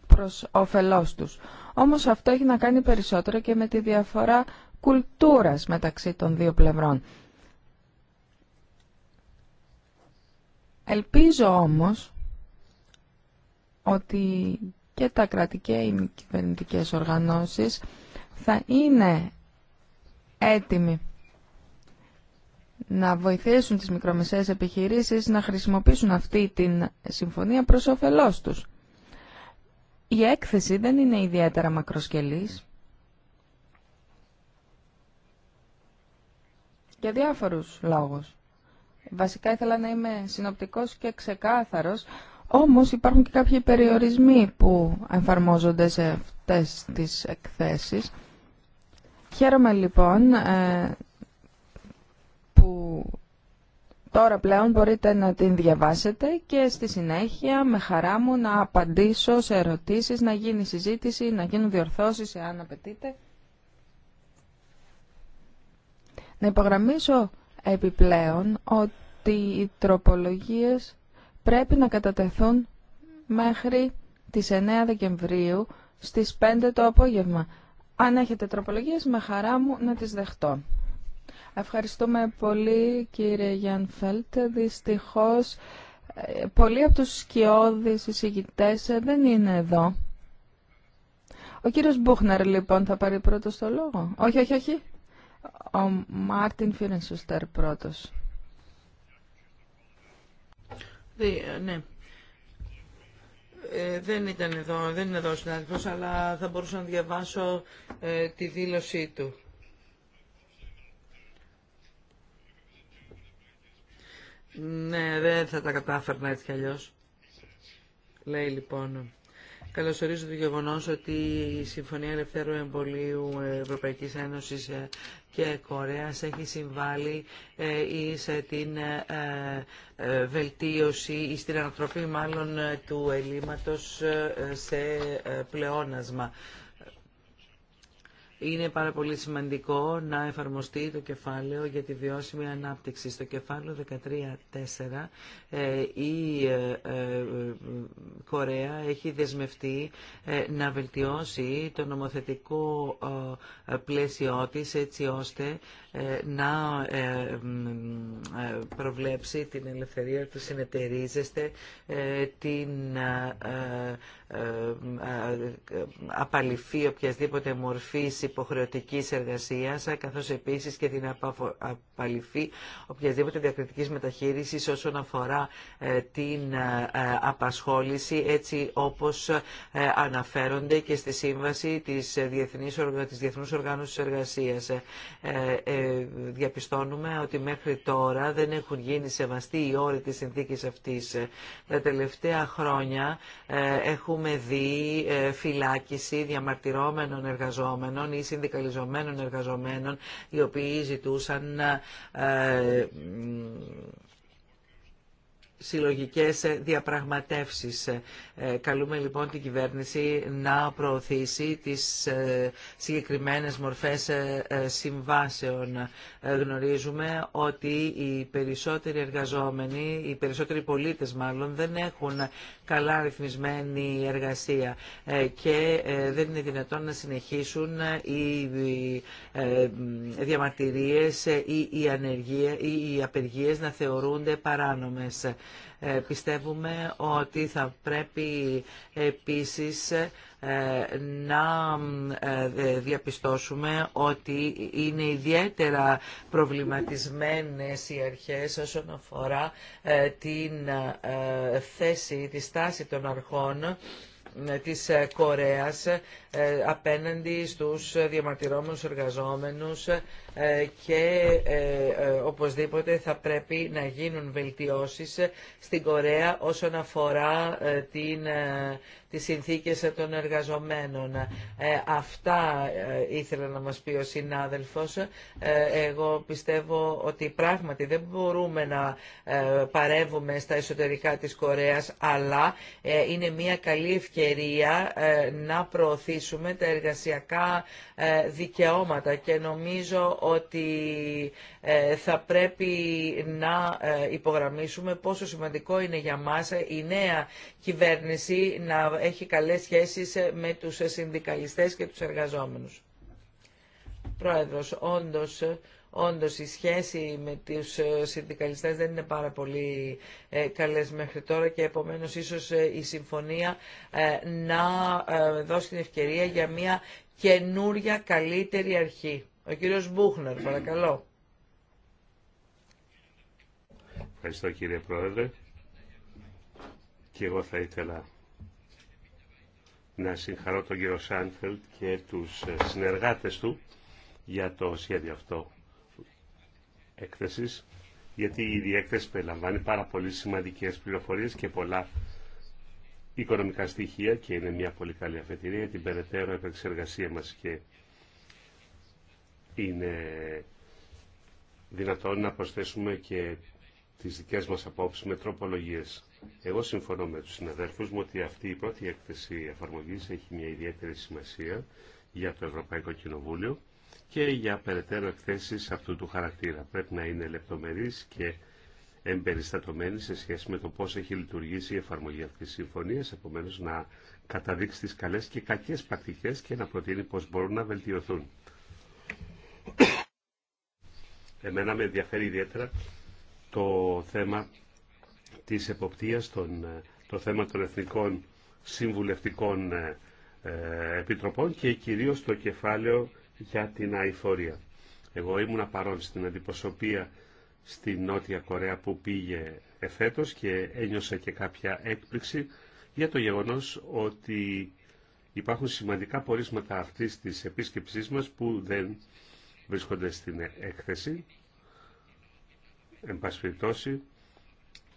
προς όφελός τους. Όμως αυτό έχει να κάνει περισσότερο και με τη διαφορά κουλτούρας μεταξύ των δύο πλευρών. Ελπίζω όμως ότι και τα κρατικέ και οι κυβερνητικές οργανώσεις θα είναι έτοιμοι να βοηθήσουν τις μικρομεσαίες επιχειρήσεις να χρησιμοποιήσουν αυτή την συμφωνία προς όφελός τους. Η έκθεση δεν είναι ιδιαίτερα μακροσκελής. Για διάφορους λόγους. Βασικά ήθελα να είμαι συνοπτικός και ξεκάθαρος, όμως υπάρχουν και κάποιοι περιορισμοί που εφαρμόζονται σε αυτές τις εκθέσεις. Χαίρομαι λοιπόν ε, που τώρα πλέον μπορείτε να την διαβάσετε και στη συνέχεια με χαρά μου να απαντήσω σε ερωτήσεις, να γίνει συζήτηση, να γίνουν διορθώσεις εάν απαιτείτε. Να υπογραμμίσω επιπλέον ότι οι τροπολογίες πρέπει να κατατεθούν μέχρι τις 9 Δεκεμβρίου στις 5 το απόγευμα. Αν έχετε τροπολογίες, με χαρά μου να τις δεχτώ. Ευχαριστούμε πολύ κύριε Γιάνν Φέλτ. Δυστυχώς ε, πολλοί από τους σκιώδεις εισηγητές ε, δεν είναι εδώ. Ο κύριος Μπούχνερ λοιπόν θα πάρει πρώτος το λόγο. Όχι, όχι, όχι. Ο Μάρτιν Φιρενσουστέρ πρώτος. Ναι. Ε, δεν ήταν εδώ, δεν είναι εδώ ο συνάδελφος, αλλά θα μπορούσα να διαβάσω ε, τη δήλωσή του. Ναι, δεν θα τα κατάφερνα έτσι κι αλλιώς. Λέει λοιπόν. Καλωσορίζω το γεγονό ότι η Συμφωνία Ελευθέρου Εμπολίου Ευρωπαϊκή Ένωση ε, και Κορέας έχει συμβάλει σε ε, την ε, βελτίωση ή στην ανατροπή μάλλον του ελλείμματος σε πλεόνασμα. Είναι πάρα πολύ σημαντικό να εφαρμοστεί το κεφάλαιο για τη βιώσιμη ανάπτυξη. Στο κεφάλαιο 13.4 ε, η ε, ε, Κορέα έχει δεσμευτεί να βελτιώσει το νομοθετικό πλαίσιό της έτσι ώστε να προβλέψει την ελευθερία του συνεταιρίζεστε, την απαλυφή οποιασδήποτε μορφής υποχρεωτικής εργασίας, καθώς επίσης και την απαλυφή οποιασδήποτε διακριτικής μεταχείρισης όσον αφορά ε, την ε, απασχόληση, έτσι όπως ε, αναφέρονται και στη σύμβαση της Διεθνής, της Διεθνούς Οργάνωσης Εργασίας. Διαπιστώνουμε ότι μέχρι τώρα δεν έχουν γίνει σεβαστοί οι όροι της συνθήκης αυτής. Τα τελευταία χρόνια έχουμε έχουμε δει ε, φυλάκιση διαμαρτυρώμενων εργαζόμενων ή συνδικαλιζομένων εργαζομένων οι οποίοι ζητούσαν ε, συλλογικές διαπραγματεύσεις. Ε, καλούμε λοιπόν την κυβέρνηση να προωθήσει τις ε, συγκεκριμένες μορφές ε, συμβάσεων. Γνωρίζουμε ότι οι περισσότεροι εργαζόμενοι, οι περισσότεροι πολίτες μάλλον, δεν έχουν καλά ρυθμισμένη εργασία και δεν είναι δυνατόν να συνεχίσουν οι διαμαρτυρίες ή οι, ή απεργίες να θεωρούνται παράνομες. Ε, πιστεύουμε ότι θα πρέπει επίσης ε, να ε, διαπιστώσουμε ότι είναι ιδιαίτερα προβληματισμένες οι αρχές όσον αφορά την θέση, τη στάση των αρχών της Κορέας ε, απέναντι στους διαμαρτυρόμενους εργαζόμενους ε, και ε, οπωσδήποτε θα πρέπει να γίνουν βελτιώσεις στην Κορέα όσον αφορά την, τις συνθήκες των εργαζομένων. Αυτά ήθελα να μας πει ο συνάδελφος. Εγώ πιστεύω ότι πράγματι δεν μπορούμε να παρεύουμε στα εσωτερικά της Κορέας, αλλά είναι μια καλή ευκαιρία να προωθήσουμε τα εργασιακά ε, δικαιώματα και νομίζω ότι ε, θα πρέπει να ε, υπογραμμίσουμε πόσο σημαντικό είναι για μας η νέα κυβέρνηση να έχει καλές σχέσεις με τους συνδικαλιστές και τους εργαζόμενους. Πρόεδρος, όντως Όντως η σχέση με τους ε, συνδικαλιστές δεν είναι πάρα πολύ ε, καλές μέχρι τώρα και επομένως ίσως ε, η συμφωνία να δώσει την ευκαιρία για μια καινούρια καλύτερη αρχή. Ο κύριος Μπούχνερ, παρακαλώ. Ευχαριστώ κύριε Πρόεδρε. Και εγώ θα ήθελα να συγχαρώ τον κύριο Σάνφελτ και τους συνεργάτες του για το σχέδιο αυτό έκθεσης, γιατί η έκθεση περιλαμβάνει πάρα πολύ σημαντικές πληροφορίες και πολλά οικονομικά στοιχεία και είναι μια πολύ καλή αφετηρία για την περαιτέρω επεξεργασία μας και είναι δυνατόν να προσθέσουμε και τις δικές μας απόψεις με τροπολογίες. Εγώ συμφωνώ με τους συναδέλφους μου ότι αυτή η πρώτη έκθεση εφαρμογής έχει μια ιδιαίτερη σημασία για το Ευρωπαϊκό Κοινοβούλιο και για περαιτέρω εκθέσεις αυτού του χαρακτήρα. Πρέπει να είναι λεπτομερής και εμπεριστατωμένη σε σχέση με το πώς έχει λειτουργήσει η εφαρμογή αυτής της συμφωνίας, επομένως να καταδείξει τις καλές και κακές πρακτικές και να προτείνει πώς μπορούν να βελτιωθούν. Εμένα με ενδιαφέρει ιδιαίτερα το θέμα της εποπτείας, το θέμα των εθνικών συμβουλευτικών ε, ε, επιτροπών και κυρίως το κεφάλαιο για την αηφορία. Εγώ ήμουν παρόν στην αντιπροσωπεία στη Νότια Κορέα που πήγε εφέτος και ένιωσα και κάποια έκπληξη για το γεγονός ότι υπάρχουν σημαντικά πορίσματα αυτής της επίσκεψής μας που δεν βρίσκονται στην έκθεση. Εν πάση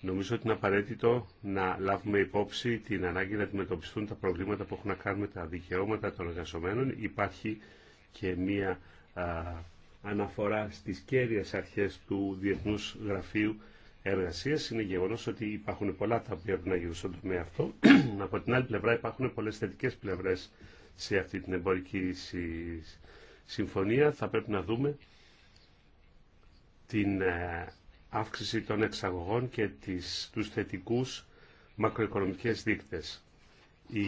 νομίζω ότι είναι απαραίτητο να λάβουμε υπόψη την ανάγκη να αντιμετωπιστούν τα προβλήματα που έχουν να κάνουν με τα δικαιώματα των εργαζομένων. Υπάρχει και μία αναφορά στις κέρυες αρχές του Διεθνούς Γραφείου Εργασίας. Είναι γεγονός ότι υπάρχουν πολλά τα οποία πρέπει να γίνουν στον τομέα αυτό. Από την άλλη πλευρά υπάρχουν πολλές θετικές πλευρές σε αυτή την εμπορική συμφωνία. Θα πρέπει να δούμε την ε, αύξηση των εξαγωγών και τις, τους θετικούς μακροοικονομικές δείκτες. Η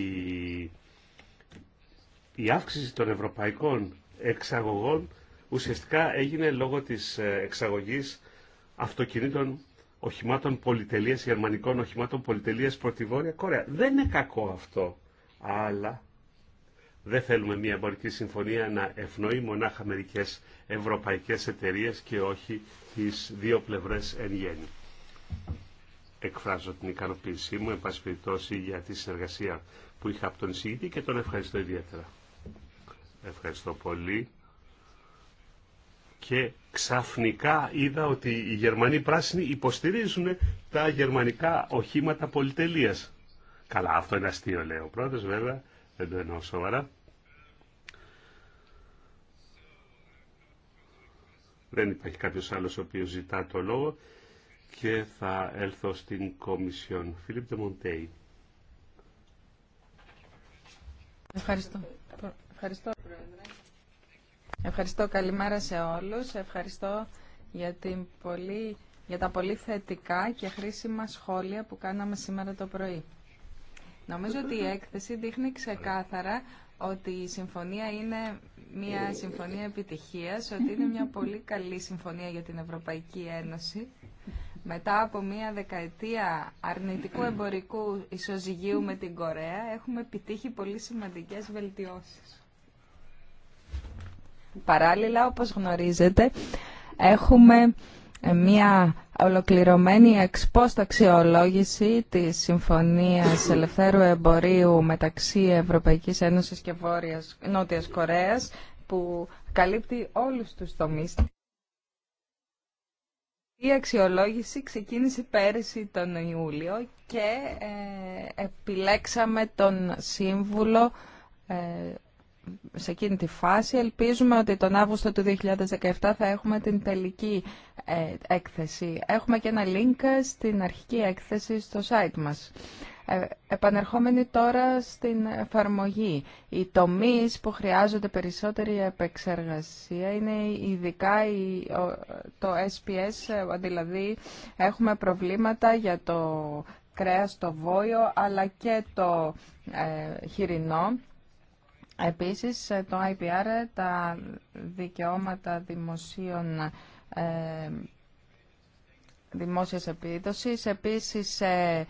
η αύξηση των ευρωπαϊκών εξαγωγών ουσιαστικά έγινε λόγω της ε, εξαγωγής αυτοκινήτων οχημάτων πολυτελείας, γερμανικών οχημάτων πολυτελείας προ τη Βόρεια Κορέα. Δεν είναι κακό αυτό, αλλά δεν θέλουμε μια εμπορική συμφωνία να ευνοεί μονάχα μερικέ ευρωπαϊκές εταιρείε και όχι τις δύο πλευρές εν γέννη. Εκφράζω την ικανοποίησή μου, εν για τη συνεργασία που είχα από τον εισηγητή και τον ευχαριστώ ιδιαίτερα. Ευχαριστώ πολύ. Και ξαφνικά είδα ότι οι Γερμανοί πράσινοι υποστηρίζουν τα γερμανικά οχήματα πολυτελείας. Καλά, αυτό είναι αστείο, λέει ο πρώτος, βέβαια. Δεν το εννοώ σοβαρά. Δεν υπάρχει κάποιος άλλος ο οποίος ζητά το λόγο και θα έλθω στην Κομισιόν. Φίλιπτε Μοντέι. Ευχαριστώ. Ευχαριστώ, Πρόεδρε. Ευχαριστώ. Καλημέρα σε όλους. Ευχαριστώ για, την πολύ, για τα πολύ θετικά και χρήσιμα σχόλια που κάναμε σήμερα το πρωί. Νομίζω ότι η έκθεση δείχνει ξεκάθαρα ότι η συμφωνία είναι μια συμφωνία επιτυχίας, ότι είναι μια πολύ καλή συμφωνία για την Ευρωπαϊκή Ένωση. Μετά από μια δεκαετία αρνητικού εμπορικού ισοζυγίου με την Κορέα, έχουμε επιτύχει πολύ σημαντικές βελτιώσεις. Παράλληλα, όπως γνωρίζετε, έχουμε μια ολοκληρωμένη εξπόστα αξιολόγηση της Συμφωνίας Ελευθέρου Εμπορίου μεταξύ Ευρωπαϊκής Ένωσης και Βόρειας, Νότιας Κορέας που καλύπτει όλους τους τομείς. Η αξιολόγηση ξεκίνησε πέρυσι τον Ιούλιο και ε, επιλέξαμε τον σύμβουλο ε, σε εκείνη τη φάση. Ελπίζουμε ότι τον Αύγουστο του 2017 θα έχουμε την τελική ε, έκθεση. Έχουμε και ένα link στην αρχική έκθεση στο site μας. Ε, επανερχόμενοι τώρα στην εφαρμογή. Οι τομείς που χρειάζονται περισσότερη επεξεργασία είναι ειδικά η, το SPS, δηλαδή έχουμε προβλήματα για το κρέας, το βόιο, αλλά και το ε, χοιρινό. Επίσης, ε, το IPR, ε, τα δικαιώματα δημοσίων ε, δημόσιας επίδοσης, επίσης ε,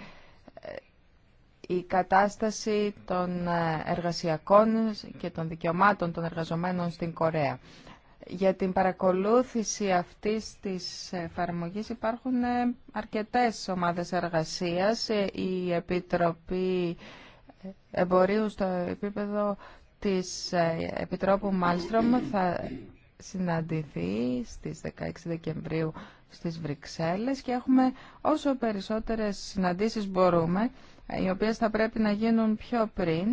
η κατάσταση των εργασιακών και των δικαιωμάτων των εργαζομένων στην Κορέα. Για την παρακολούθηση αυτής της εφαρμογής υπάρχουν αρκετές ομάδες εργασίας. Η Επιτροπή Εμπορίου στο επίπεδο της ε, Επιτρόπου Μάλστρομ θα συναντηθεί στις 16 Δεκεμβρίου στις Βρυξέλλες και έχουμε όσο περισσότερες συναντήσεις μπορούμε, ε, οι οποίες θα πρέπει να γίνουν πιο πριν.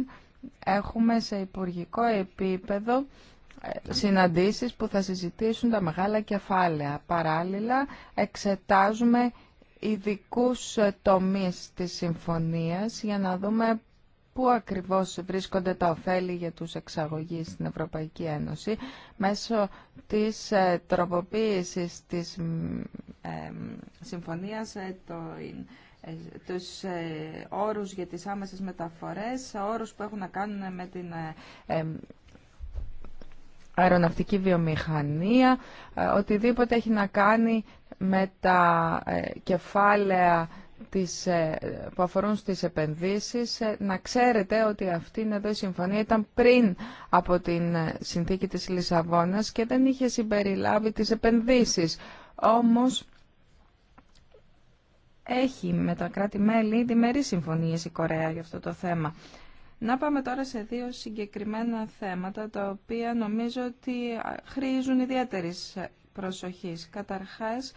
Έχουμε σε υπουργικό επίπεδο ε, συναντήσεις που θα συζητήσουν τα μεγάλα κεφάλαια. Παράλληλα, εξετάζουμε ειδικού τομείς της συμφωνίας για να δούμε πού ακριβώς βρίσκονται τα ωφέλη για τους εξαγωγείς στην Ευρωπαϊκή Ένωση μέσω της ε, τροποποίησης της ε, συμφωνίας ε, τους όρους για τις άμεσες μεταφορές, όρους που έχουν να κάνουν με την αεροναυτική βιομηχανία, οτιδήποτε έχει να κάνει με τα κεφάλαια τις, ε, που αφορούν στις επενδύσεις, ε, να ξέρετε ότι αυτή εδώ η συμφωνία ήταν πριν από την ε, συνθήκη της Λισαβόνας και δεν είχε συμπεριλάβει τις επενδύσεις. Όμως, έχει με τα κράτη-μέλη διμερείς συμφωνίες η Κορέα για αυτό το θέμα. Να πάμε τώρα σε δύο συγκεκριμένα θέματα, τα οποία νομίζω ότι χρήζουν ιδιαίτερης προσοχής. Καταρχάς,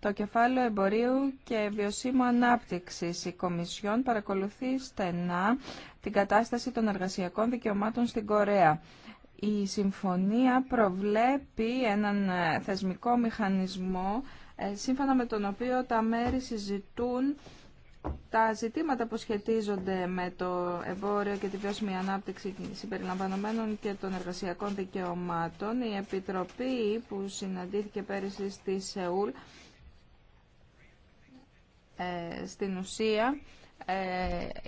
το κεφάλαιο εμπορίου και βιωσίμου ανάπτυξης. Η Κομισιόν παρακολουθεί στενά την κατάσταση των εργασιακών δικαιωμάτων στην Κορέα. Η συμφωνία προβλέπει έναν ε, θεσμικό μηχανισμό ε, σύμφωνα με τον οποίο τα μέρη συζητούν τα ζητήματα που σχετίζονται με το εμπόριο και τη βιώσιμη ανάπτυξη συμπεριλαμβανομένων και των εργασιακών δικαιωμάτων, η Επιτροπή που συναντήθηκε πέρυσι στη Σεούλ ε, στην ουσία ε,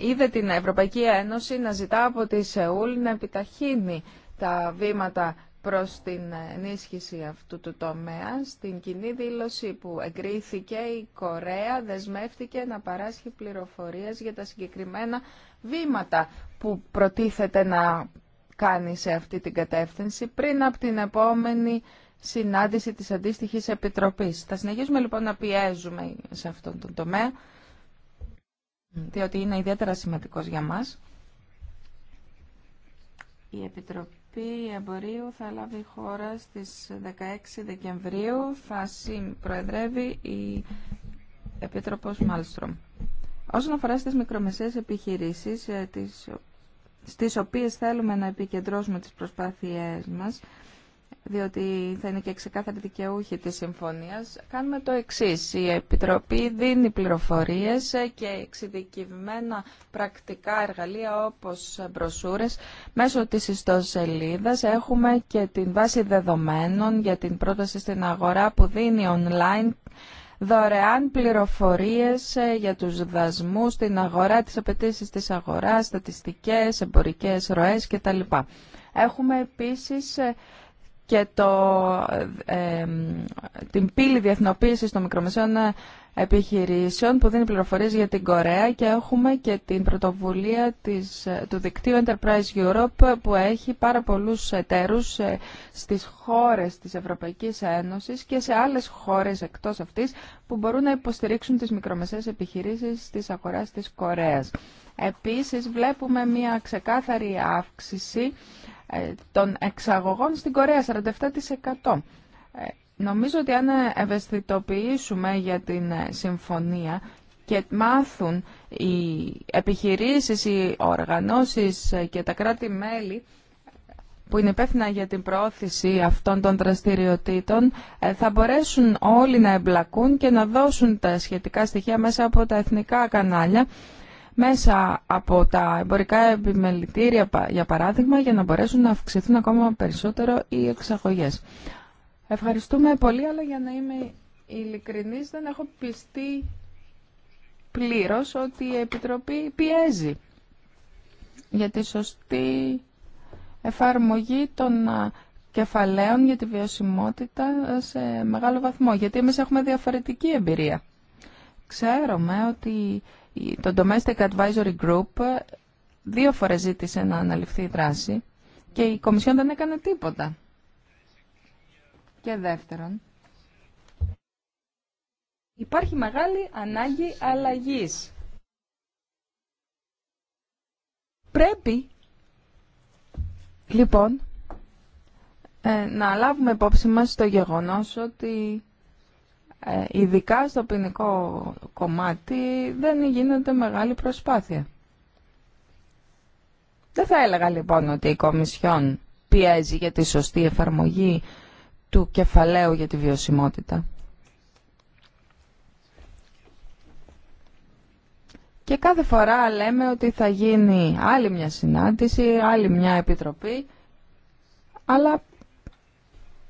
είδε την Ευρωπαϊκή Ένωση να ζητά από τη Σεούλ να επιταχύνει τα βήματα προς την ενίσχυση αυτού του τομέα. Στην κοινή δήλωση που εγκρίθηκε η Κορέα δεσμεύτηκε να παράσχει πληροφορίες για τα συγκεκριμένα βήματα που προτίθεται να κάνει σε αυτή την κατεύθυνση πριν από την επόμενη συνάντηση της αντίστοιχης επιτροπής. Θα συνεχίσουμε λοιπόν να πιέζουμε σε αυτόν τον τομέα, διότι είναι ιδιαίτερα σημαντικός για μας. Η Επιτροπή Εμπορίου θα λάβει χώρα στις 16 Δεκεμβρίου. Θα συμπροεδρεύει η Επίτροπος Μάλστρομ. Όσον αφορά στις μικρομεσαίες επιχειρήσεις, ε, στις οποίες θέλουμε να επικεντρώσουμε τις προσπάθειές μας, διότι θα είναι και ξεκάθαρη δικαιούχη της συμφωνίας, κάνουμε το εξής. Η Επιτροπή δίνει πληροφορίες και εξειδικευμένα πρακτικά εργαλεία όπως μπροσούρες. Μέσω της ιστοσελίδας έχουμε και την βάση δεδομένων για την πρόταση στην αγορά που δίνει online δωρεάν πληροφορίες για τους δασμούς, την αγορά, τις απαιτήσει της αγοράς, στατιστικές, εμπορικές ροές κτλ. Έχουμε επίσης και το, ε, ε, την πύλη διεθνοποίηση των μικρομεσαίων ε, επιχειρήσεων που δίνει πληροφορίες για την Κορέα και έχουμε και την πρωτοβουλία της, του δικτύου Enterprise Europe που έχει πάρα πολλούς εταίρους στις χώρες της Ευρωπαϊκής Ένωσης και σε άλλες χώρες εκτός αυτής που μπορούν να υποστηρίξουν τις μικρομεσαίες επιχειρήσεις της αγοράς της Κορέας. Επίσης βλέπουμε μια ξεκάθαρη αύξηση ε, των εξαγωγών στην Κορέα, 47%. Ε, νομίζω ότι αν ευαισθητοποιήσουμε για την ε, συμφωνία και μάθουν οι επιχειρήσεις, οι οργανώσεις και τα κράτη-μέλη που είναι υπεύθυνα για την προώθηση αυτών των δραστηριοτήτων θα μπορέσουν όλοι να εμπλακούν και να δώσουν τα σχετικά στοιχεία μέσα από τα εθνικά κανάλια μέσα από τα εμπορικά επιμελητήρια, για παράδειγμα, για να μπορέσουν να αυξηθούν ακόμα περισσότερο οι εξαγωγές. Ευχαριστούμε πολύ, αλλά για να είμαι ειλικρινής, δεν έχω πιστεί πλήρως ότι η Επιτροπή πιέζει για τη σωστή εφαρμογή των κεφαλαίων για τη βιωσιμότητα σε μεγάλο βαθμό, γιατί εμείς έχουμε διαφορετική εμπειρία. Ξέρουμε ότι το Domestic Advisory Group δύο φορές ζήτησε να αναλυφθεί η δράση και η Κομισιόν δεν έκανε τίποτα. Και δεύτερον, υπάρχει μεγάλη ανάγκη αλλαγής. Πρέπει, λοιπόν, ε, να λάβουμε υπόψη μας το γεγονός ότι ε, ειδικά στο ποινικό κομμάτι δεν γίνεται μεγάλη προσπάθεια. Δεν θα έλεγα λοιπόν ότι η Κομισιόν πιέζει για τη σωστή εφαρμογή του κεφαλαίου για τη βιωσιμότητα. Και κάθε φορά λέμε ότι θα γίνει άλλη μια συνάντηση, άλλη μια επιτροπή, αλλά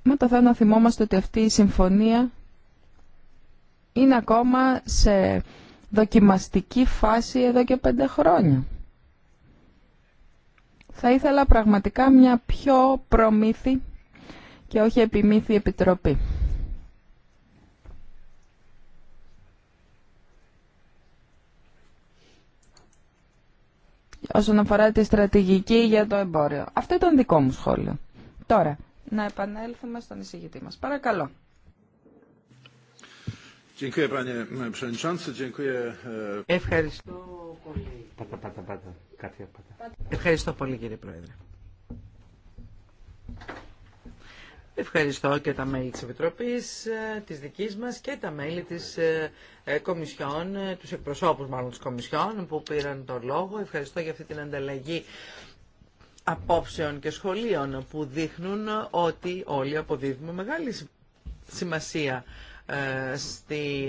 μετά θα να θυμόμαστε ότι αυτή η συμφωνία είναι ακόμα σε δοκιμαστική φάση εδώ και πέντε χρόνια. Θα ήθελα πραγματικά μια πιο προμήθη και όχι επιμήθη επιτροπή. όσον αφορά τη στρατηγική για το εμπόριο. Αυτό ήταν δικό μου σχόλιο. Τώρα, να επανέλθουμε στον εισηγητή μας. Παρακαλώ. E, Ευχαριστώ πολύ. Ευχαριστώ πολύ κύριε Πρόεδρε. Ευχαριστώ και τα μέλη της Επιτροπής, ε, της δικής μας και τα μέλη της ε, ε, Κομισιόν, τους εκπροσώπους μάλλον της Κομισιόν που πήραν τον λόγο. Ευχαριστώ για αυτή την ανταλλαγή απόψεων και σχολείων που δείχνουν ότι όλοι αποδίδουμε μεγάλη σημασία ε,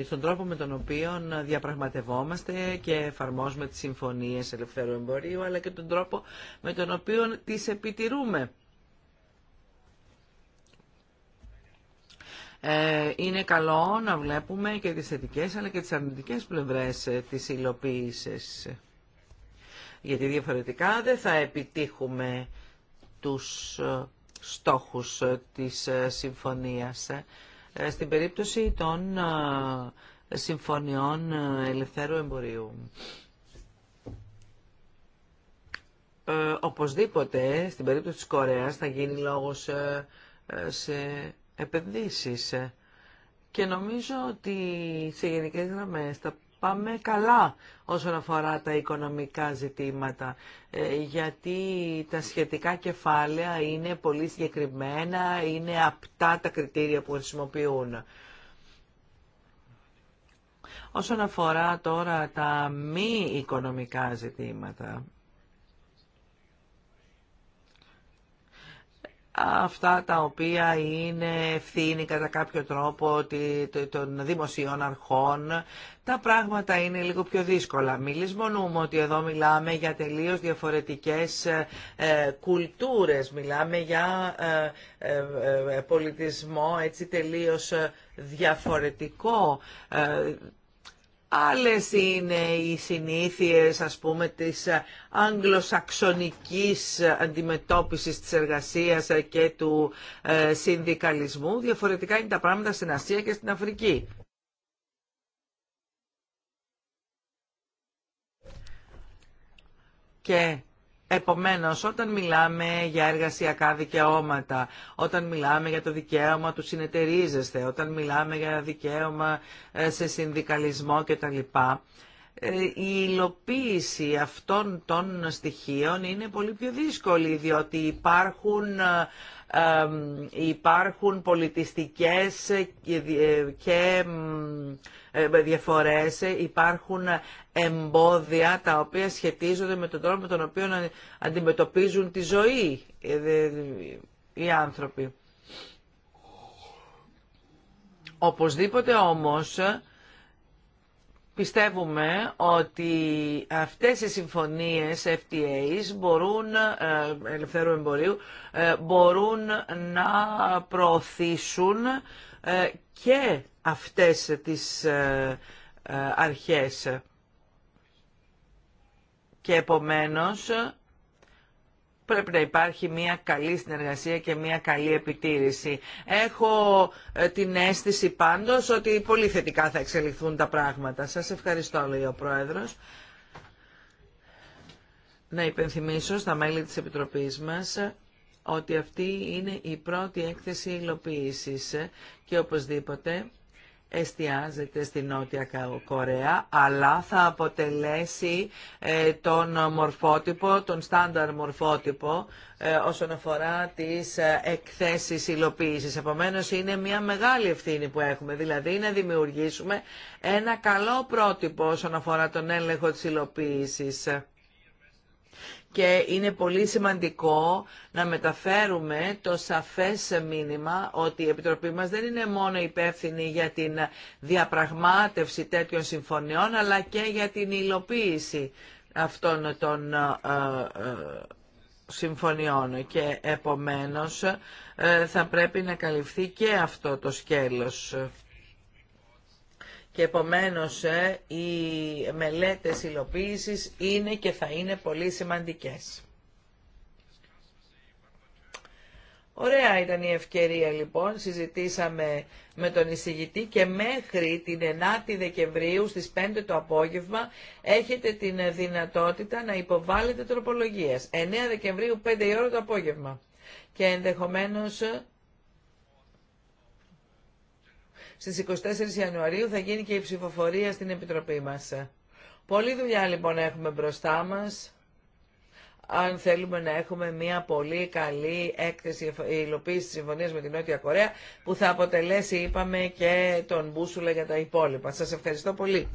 στον τρόπο με τον οποίο διαπραγματευόμαστε και εφαρμόζουμε τις συμφωνίες ελευθερού εμπορίου, αλλά και τον τρόπο με τον οποίο τις επιτηρούμε. Ε, είναι καλό να βλέπουμε και τις θετικές αλλά και τις αρνητικές πλευρές ε, της υλοποίησης. Γιατί διαφορετικά δεν θα επιτύχουμε τους στόχους της συμφωνίας. Ε, στην περίπτωση των ε, συμφωνιών ε, ελευθέρου εμπορίου. Οπωσδήποτε, στην περίπτωση της Κορέας, θα γίνει λόγος σε επενδύσεις. Και νομίζω ότι σε γενικές γραμμές τα πάμε καλά όσον αφορά τα οικονομικά ζητήματα, ε, γιατί τα σχετικά κεφάλαια είναι πολύ συγκεκριμένα, είναι απτά τα κριτήρια που χρησιμοποιούν. Όσον αφορά τώρα τα μη οικονομικά ζητήματα, αυτά τα οποία είναι ευθύνη κατά κάποιο τρόπο των δημοσίων αρχών. Τα πράγματα είναι λίγο πιο δύσκολα. Μιλείς μονούμε ότι εδώ μιλάμε για τελείως διαφορετικές ε, ε, κουλτούρες. Μιλάμε για ε, πολιτισμό έτσι τελείως διαφορετικό. Άλλες είναι οι συνήθειες, ας πούμε, της ε, αγγλοσαξονικής αντιμετώπισης της εργασίας ε, και του ε, συνδικαλισμού. Διαφορετικά είναι τα πράγματα στην Ασία και στην Αφρική. Και Επομένως, όταν μιλάμε για εργασιακά δικαιώματα, όταν μιλάμε για το δικαίωμα του συνεταιρίζεστε, όταν μιλάμε για δικαίωμα ε, σε συνδικαλισμό κτλ., ε, η υλοποίηση αυτών των στοιχείων είναι πολύ πιο δύσκολη, διότι υπάρχουν ε, υπάρχουν πολιτιστικές και ε, ε, διαφορές, υπάρχουν εμπόδια τα οποία σχετίζονται με τον τρόπο με τον οποίο αντιμετωπίζουν τη ζωή ε, οι άνθρωποι. Οπωσδήποτε όμως Πιστεύουμε ότι αυτές οι συμφωνίες FTAs μπορούν, ε, ελευθερού εμπορίου, ε, μπορούν να προωθήσουν ε, και αυτές τις αρχές. Και επομένως πρέπει να υπάρχει μια καλή συνεργασία και μια καλή επιτήρηση. Έχω ε, την αίσθηση πάντως ότι πολύ θετικά θα εξελιχθούν τα πράγματα. Σας ευχαριστώ, λέει ο Πρόεδρος. Να υπενθυμίσω στα μέλη της Επιτροπής μας ότι αυτή είναι η πρώτη έκθεση υλοποίησης και οπωσδήποτε εστιάζεται στην Νότια Κορέα, αλλά θα αποτελέσει ε, τον μορφότυπο, τον στάνταρ μορφότυπο ε, όσον αφορά τις ε, εκθέσεις υλοποίησης. Επομένως είναι μια μεγάλη ευθύνη που έχουμε, δηλαδή να δημιουργήσουμε ένα καλό πρότυπο όσον αφορά τον έλεγχο της υλοποίησης και είναι πολύ σημαντικό να μεταφέρουμε το σαφές μήνυμα ότι η Επιτροπή μας δεν είναι μόνο υπεύθυνη για την διαπραγμάτευση τέτοιων συμφωνιών αλλά και για την υλοποίηση αυτών των ε, ε, συμφωνιών και επομένως ε, θα πρέπει να καλυφθεί και αυτό το σκέλος και επομένως ε, οι μελέτες υλοποίησης είναι και θα είναι πολύ σημαντικές. Ωραία ήταν η ευκαιρία λοιπόν, συζητήσαμε με τον εισηγητή και μέχρι την 9η Δεκεμβρίου στις 5 το απόγευμα έχετε την δυνατότητα να υποβάλλετε τροπολογίες. 9 Δεκεμβρίου 5 η ώρα το απόγευμα και ενδεχομένως στις 24 Ιανουαρίου θα γίνει και η ψηφοφορία στην Επιτροπή μας. Πολλή δουλειά λοιπόν έχουμε μπροστά μας αν θέλουμε να έχουμε μια πολύ καλή έκθεση υλοποίηση τη συμφωνία με την Νότια Κορέα, που θα αποτελέσει, είπαμε, και τον μπούσουλα για τα υπόλοιπα. Σα ευχαριστώ πολύ.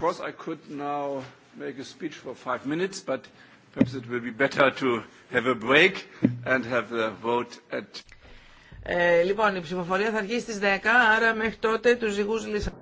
Ε, λοιπόν, η ψηφοφορία θα αρχίσει στις 10, άρα μέχρι τότε τους ζυγούς λύσαμε.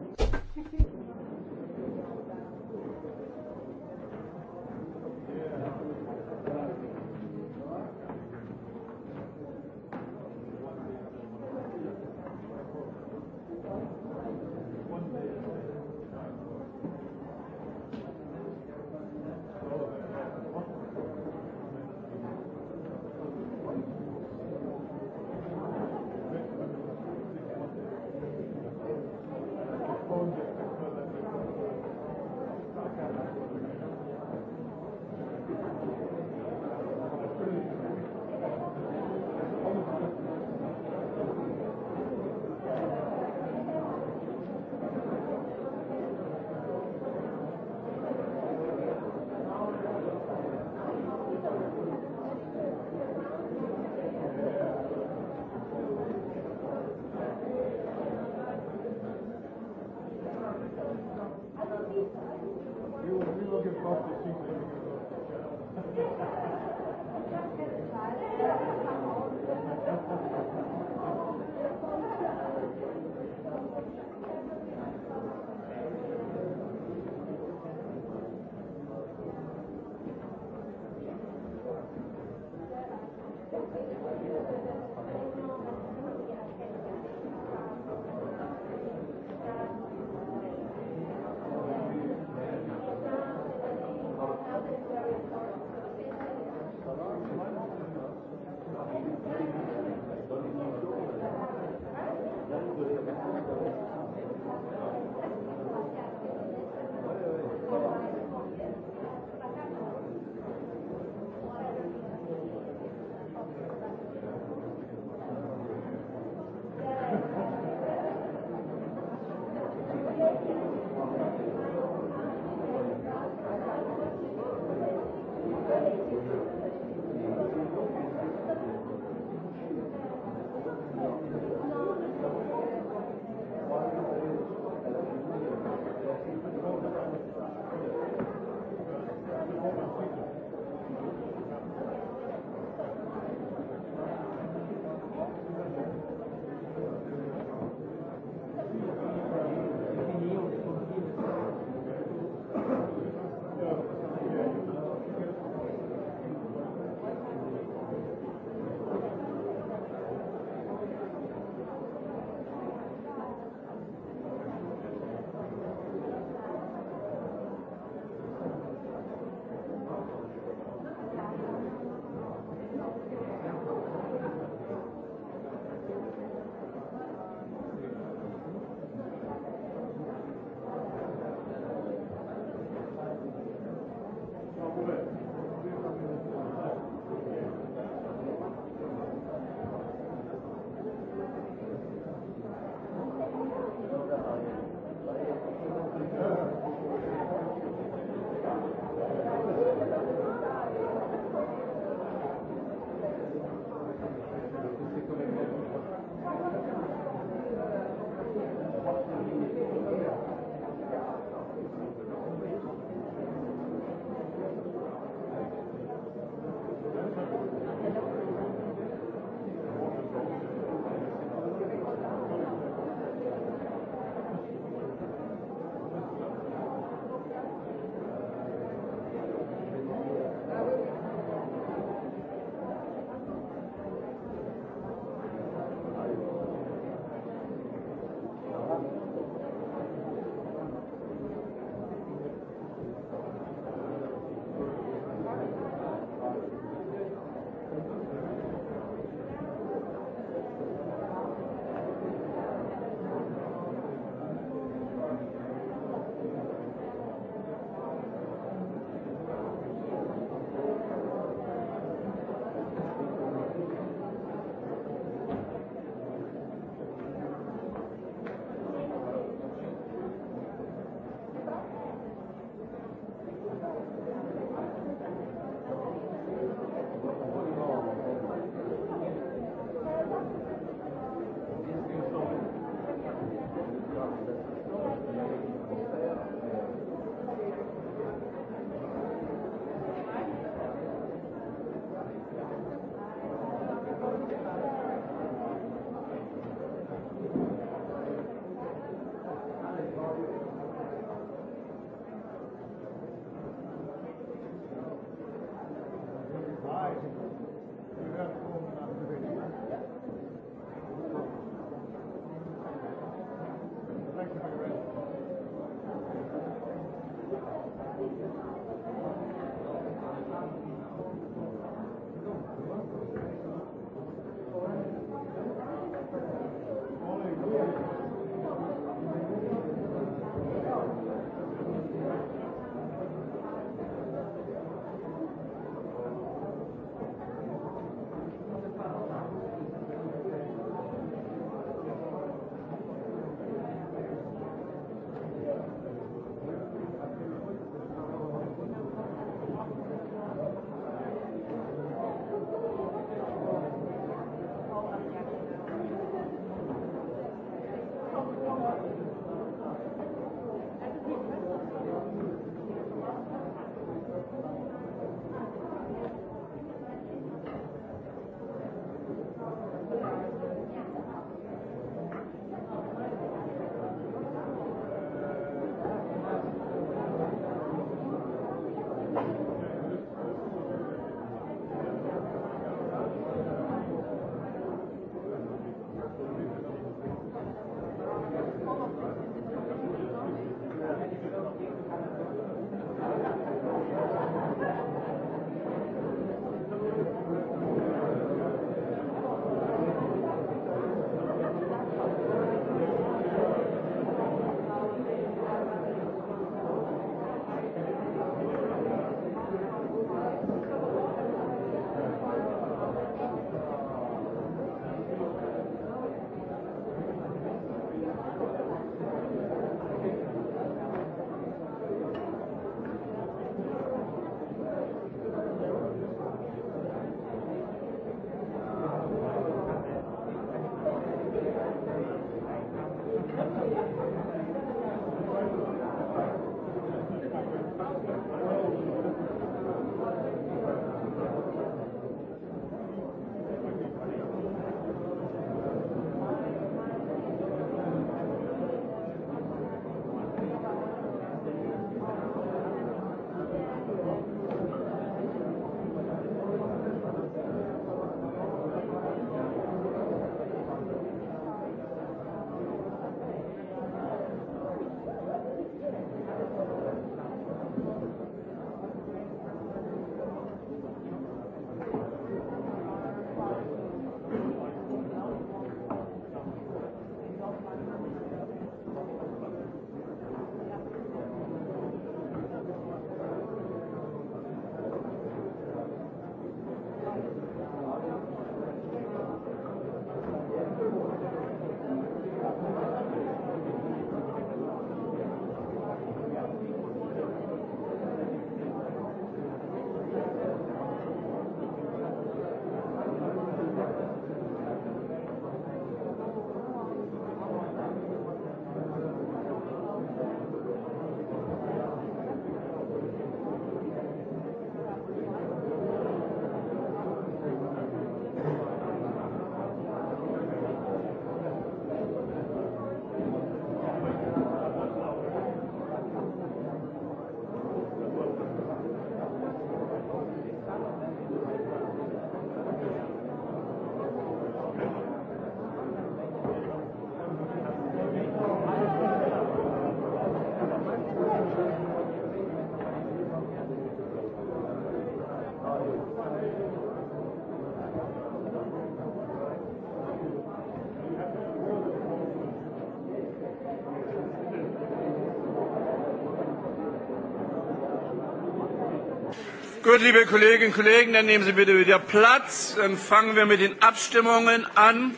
Gut, liebe Kolleginnen und Kollegen, dann nehmen Sie bitte wieder Platz. Dann fangen wir mit den Abstimmungen an.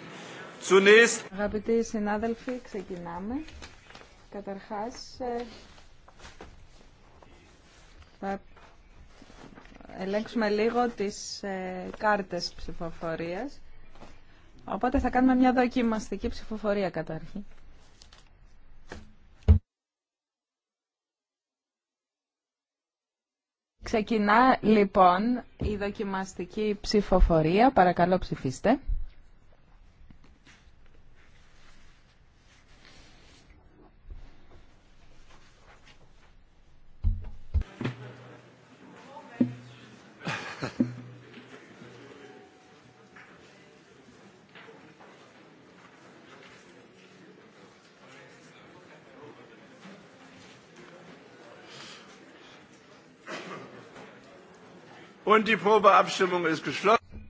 Zunächst. Αγαπητοί συνάδελφοι, ξεκινάμε. Καταρχάς, ε, θα ελέγξουμε λίγο τις ε, κάρτες ψηφοφορίας. Οπότε θα κάνουμε μια δοκιμαστική ψηφοφορία καταρχήν. Ξεκινά λοιπόν η δοκιμαστική ψηφοφορία. Παρακαλώ ψηφίστε.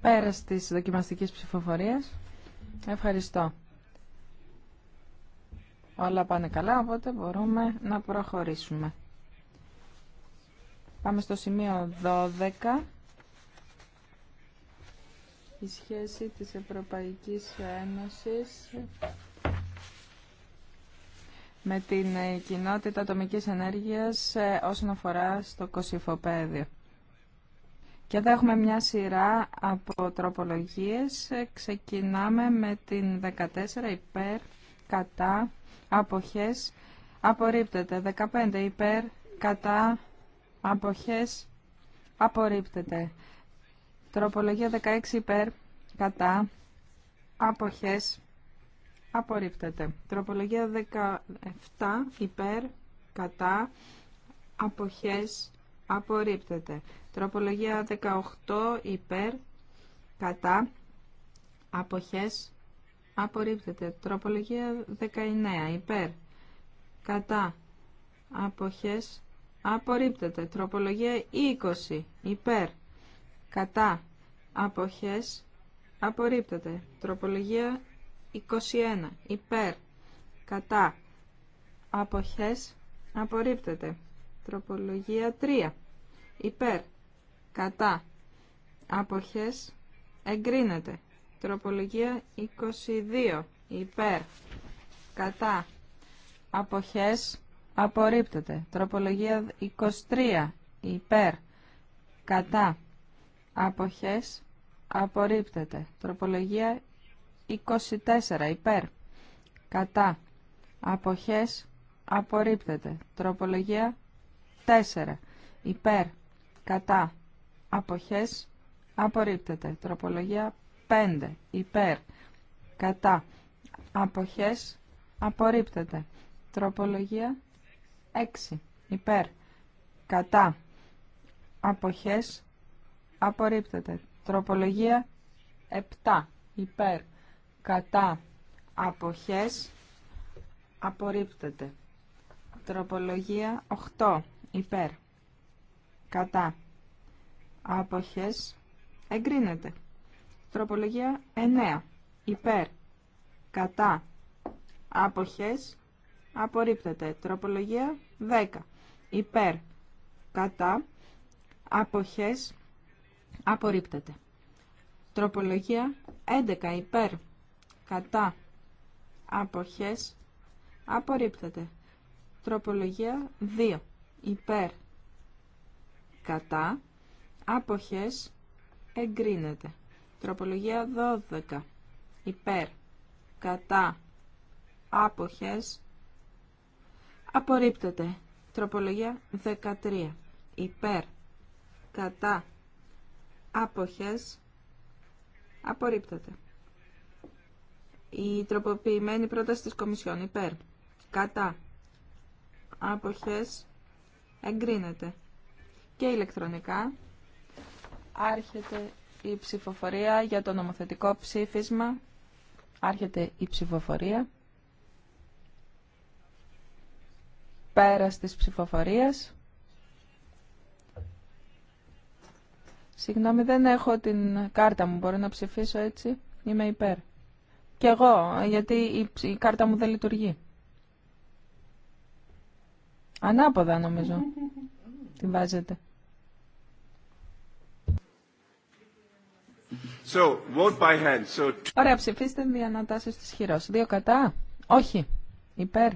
Πέρα τη δοκιμαστική ψηφοφορία. Ευχαριστώ. Όλα πάνε καλά, οπότε μπορούμε να προχωρήσουμε. Πάμε στο σημείο 12. Η σχέση της Ευρωπαϊκής Ένωσης με την κοινότητα ατομικής ενέργειας ε, όσον αφορά στο κοσυφοπαίδιο. Και εδώ έχουμε μια σειρά από τροπολογίες. Ξεκινάμε με την 14 υπέρ, κατά, αποχές, απορρίπτεται. 15 υπέρ, κατά, αποχές, απορρίπτεται. Τροπολογία 16 υπέρ, κατά, αποχές, απορρίπτεται. Τροπολογία 17 υπέρ, κατά, αποχές, απορρίπτεται. Τροπολογία 18 υπέρ κατά αποχές απορρίπτεται. Τροπολογία 19 υπέρ κατά αποχές απορρίπτεται. Τροπολογία 20 υπέρ κατά αποχές απορρίπτεται. Τροπολογία 21 υπέρ κατά αποχές απορρίπτεται. Τροπολογία 3. Υπέρ. Κατά. Αποχές. Εγκρίνεται. Τροπολογία 22. Υπέρ. Κατά. Αποχές. Απορρίπτεται. Τροπολογία 23. Υπέρ. Κατά. Αποχές. Απορρίπτεται. Τροπολογία 24. Υπέρ. Κατά. Αποχές. Απορρίπτεται. Τροπολογία 4. Υπέρ, κατά, αποχές, απορρίπτεται. Τροπολογία 5. Υπέρ, κατά, αποχές, απορρίπτεται. Τροπολογία 6. Υπέρ, κατά, αποχές, απορρίπτεται. Τροπολογία 7. Υπέρ, κατά, αποχές, απορρίπτεται. Τροπολογία 8 υπέρ, κατά, άποχες, εγκρίνεται. Τροπολογία 9, υπέρ, κατά, άποχες, απορρίπτεται. Τροπολογία 10, υπέρ, κατά, άποχες, απορρίπτεται. Τροπολογία 11, υπέρ, κατά, άποχες, απορρίπτεται. Τροπολογία 2 υπέρ κατά άποχες εγκρίνεται τροπολογία 12 υπέρ κατά άποχες απορρίπτεται τροπολογία 13 υπέρ κατά άποχες απορρίπτεται η τροποποιημένη πρόταση της Κομισιόν υπέρ κατά άποχες εγκρίνεται. Και ηλεκτρονικά άρχεται η ψηφοφορία για το νομοθετικό ψήφισμα. Άρχεται η ψηφοφορία. Πέρας της ψηφοφορίας. Συγγνώμη, δεν έχω την κάρτα μου. Μπορώ να ψηφίσω έτσι. Είμαι υπέρ. Και εγώ, γιατί η κάρτα μου δεν λειτουργεί. Ανάποδα νομίζω. Την βάζετε. So, vote by hand. So... Ωραία, ψηφίστε με διανατάσει τη χειρός. Δύο κατά. Όχι. Υπέρ.